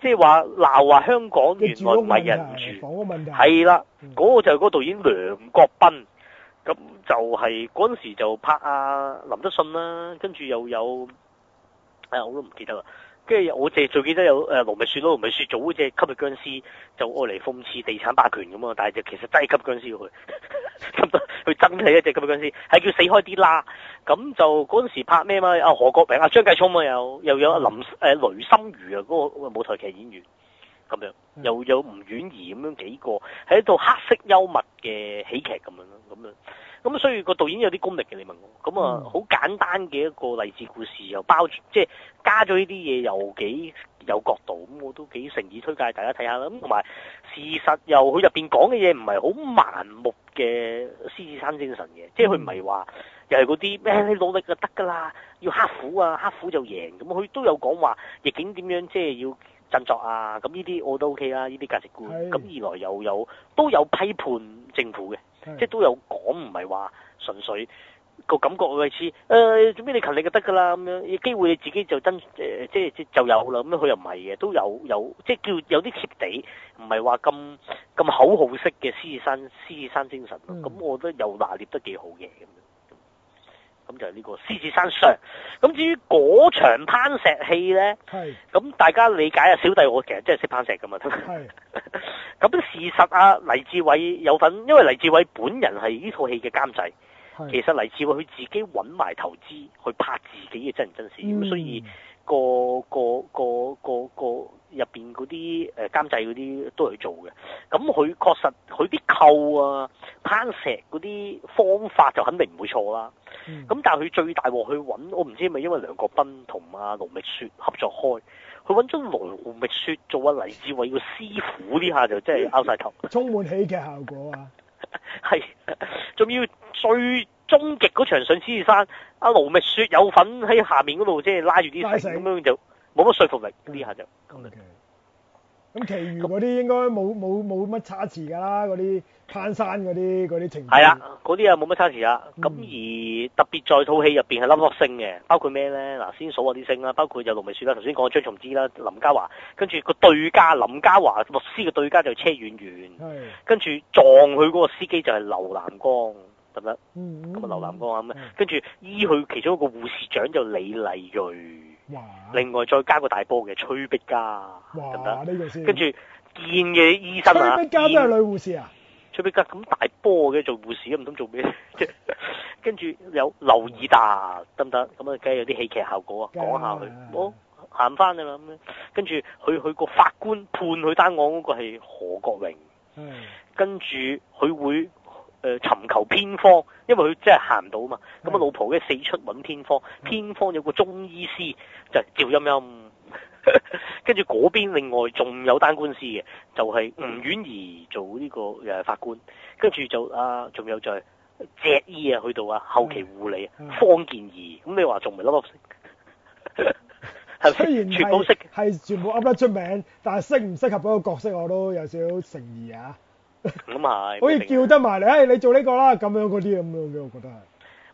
A: 即係話鬧話香港原來唔係人住，係啦，嗰了、嗯、個就係嗰導演梁國斌，咁就係嗰陣時就拍阿、啊、林德信啦、啊，跟住又有，誒我都唔記得啦，跟住我淨係最記得有誒羅美雪咯，羅美雪做嗰隻吸血僵屍就愛嚟諷刺地產霸權咁嘛。但係就其實真係吸血僵屍佢，吸到佢真係一隻吸血僵屍，係叫死開啲啦。咁就嗰陣時拍咩嘛、啊？阿、啊、何國平、啊、阿張繼聰嘛、啊，又又有林、呃、雷心如啊，嗰、那個舞台劇演員咁樣，又有吳婉儀咁樣幾個，喺一套黑色幽默嘅喜劇咁樣咯，咁咁所以個導演有啲功力嘅、啊，你問我，咁啊好簡單嘅一個勵志故事，又包即係加咗呢啲嘢，又幾有角度，咁我都幾誠意推介大家睇下啦。咁同埋事實又佢入邊講嘅嘢唔係好盲目嘅獅子山精神嘅，即係佢唔係話。又係嗰啲咩？你努力就得㗎啦，要刻苦啊，刻苦就贏。咁佢都有講話逆境點樣，即係要振作啊。咁呢啲我都 OK 啦，呢啲價值觀。咁的二來又有都有批判政府嘅，的即係都有講，唔係話純粹個感覺類、就、似、是。誒、呃，做咩你勤力就得㗎啦？咁樣機會你自己就真、呃、即係即就有啦。咁樣佢又唔係嘅，都有有，即係叫有啲貼地，唔係話咁咁口號式嘅獅子山獅子山精神。咁、嗯、我覺得又拿捏得幾好嘅咁樣。咁就係呢個獅子山上。咁是至於嗰場攀石戲咧，咁是大家理解啊，小弟我其實真係識攀石㗎嘛。咁是事實啊，黎志偉有份，因為黎志偉本人係呢套戲嘅監製，是其實黎志偉佢自己揾埋投資去拍自己嘅真人真事，咁、嗯、所以。個個個個個入邊嗰啲誒監製嗰啲都係做嘅，咁佢確實佢啲扣啊攀石嗰啲方法就肯定唔會錯啦。咁但係佢最大鑊，佢揾我唔知係咪因為梁國斌同阿盧覓雪合作開，佢揾咗盧覓雪做阿黎志偉個師傅，呢下就真係拗晒頭，充滿喜劇嘅效果啊！ 係，仲要最。終極嗰場上獅子山，阿盧覓雪有份喺下面嗰度，即係拉住啲線咁樣就冇乜說服力呢下就。咁啊，咁其餘
B: 嗰啲應該冇冇冇乜差池噶啦，嗰啲攀山嗰啲嗰啲情。係啊，
A: 嗰啲啊冇乜差池啊。咁而特別在套戲入邊係粒粒星嘅，包括咩咧？嗱，先數下啲星啦，包括有盧覓雪啦，頭先講阿張松之啦，林嘉華，跟住個對家林嘉華律師嘅對家就車婉婉，跟住是撞佢嗰個司機就係劉南光。得唔得？咁啊，劉南江啱咩？跟住醫佢其中一個護士長就李麗蕊，另外再加個大波嘅崔碧嘉，
B: 得唔得？先。跟住
A: 見嘅醫生啊，嘉都係女護士啊。崔碧嘉咁大波嘅做護士都唔通做咩？跟住有劉以達，得唔得？咁啊，梗係有啲戲劇效果啊，講下佢。哦行翻啦咁樣。跟住佢佢個法官判佢單案嗰個係何國榮，跟住佢會。誒、呃、尋求偏方，因為佢真係行唔到啊嘛。咁啊，老婆咧四出揾偏方，偏方有個中醫師就是、趙音音，跟住嗰邊另外仲有單官司嘅，就係、是、吳婉儀做呢個誒法官，跟住就啊，仲有就係謝意啊，去到啊後期護理是的 方健儀，咁你話仲唔係粒粒識？
B: 係、嗯、咪全部識？係全部噏得出名，但係適唔適合嗰個角色，我都有少少誠意啊。
A: 咁係， 可以叫
B: 得埋你，哎，你做呢個啦，咁樣嗰啲咁樣嘅，我覺得係。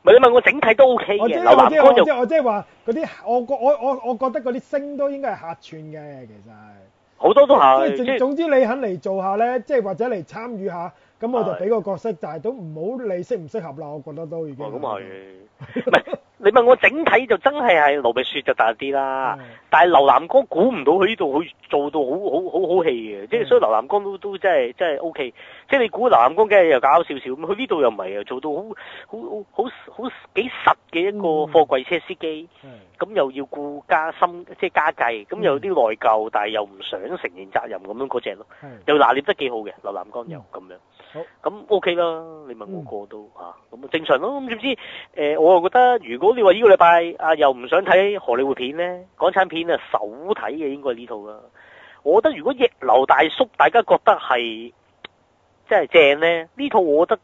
B: 唔係你問我整體都 OK 嘅。我即係我即係我即係話啲，我我我我覺得嗰啲星都應該係客串嘅，其實係
A: 好多都係。即係總
B: 總之你肯嚟做下咧，即係或者嚟參與下，咁我就俾個角色，的但係都唔好你適唔適合啦，我覺得都已
A: 經。咁係、哦 你問我整體就真係係劉備雪就大啲啦，嗯、但係劉南江估唔到佢呢度佢做到好好好好戲嘅，嗯、即係所以劉南江都都真係真係 O K，即係你估劉南江梗係又搞笑少少，咁佢呢度又唔係又做到好好好好幾實嘅一個貨櫃車司機，咁、嗯嗯、又要顧家心即係家計，咁又有啲內疚，嗯、但係又唔想承認責任咁樣嗰隻咯，嗯、又拿捏得幾好嘅劉南江又。嗯。咁好 OK 啦，你問我過都嚇，咁、嗯啊、正常咯。咁點知我又覺得如果你話呢個禮拜啊，又唔想睇荷里活片咧，港產片啊，首睇嘅應該呢套啦。我覺得如果逆流大叔大家覺得係即係正咧，呢套我覺得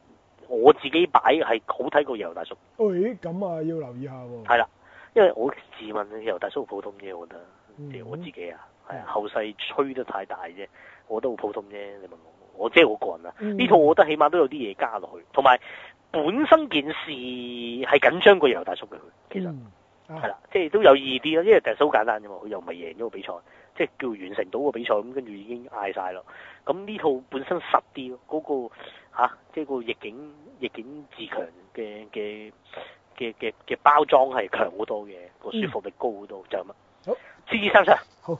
A: 我自己擺係好睇過逆流大叔。
B: 咦、欸，咁啊要留意一下喎、
A: 啊。係啦，因為我自問逆流大叔好普通啫，我覺得，嗯、我自己啊，係後世吹得太大啫，嗯、我都好普通啫。你問我。我即係我個人啊，呢、嗯、套我覺得起碼都有啲嘢加落去，同埋本身件事係緊張過遊大叔嘅佢，其實係啦，即係都有意義啲咯，因為其實好簡單啫嘛，佢又唔係贏咗個比賽，即係叫完成到個比賽，咁跟住已經嗌晒咯。咁呢套本身實啲咯，嗰、嗰個吓即係個逆境逆境自強嘅嘅嘅嘅嘅包裝係強好多嘅，個說服力高好多，嗯、就知嗎？
B: 好，注意生先。好。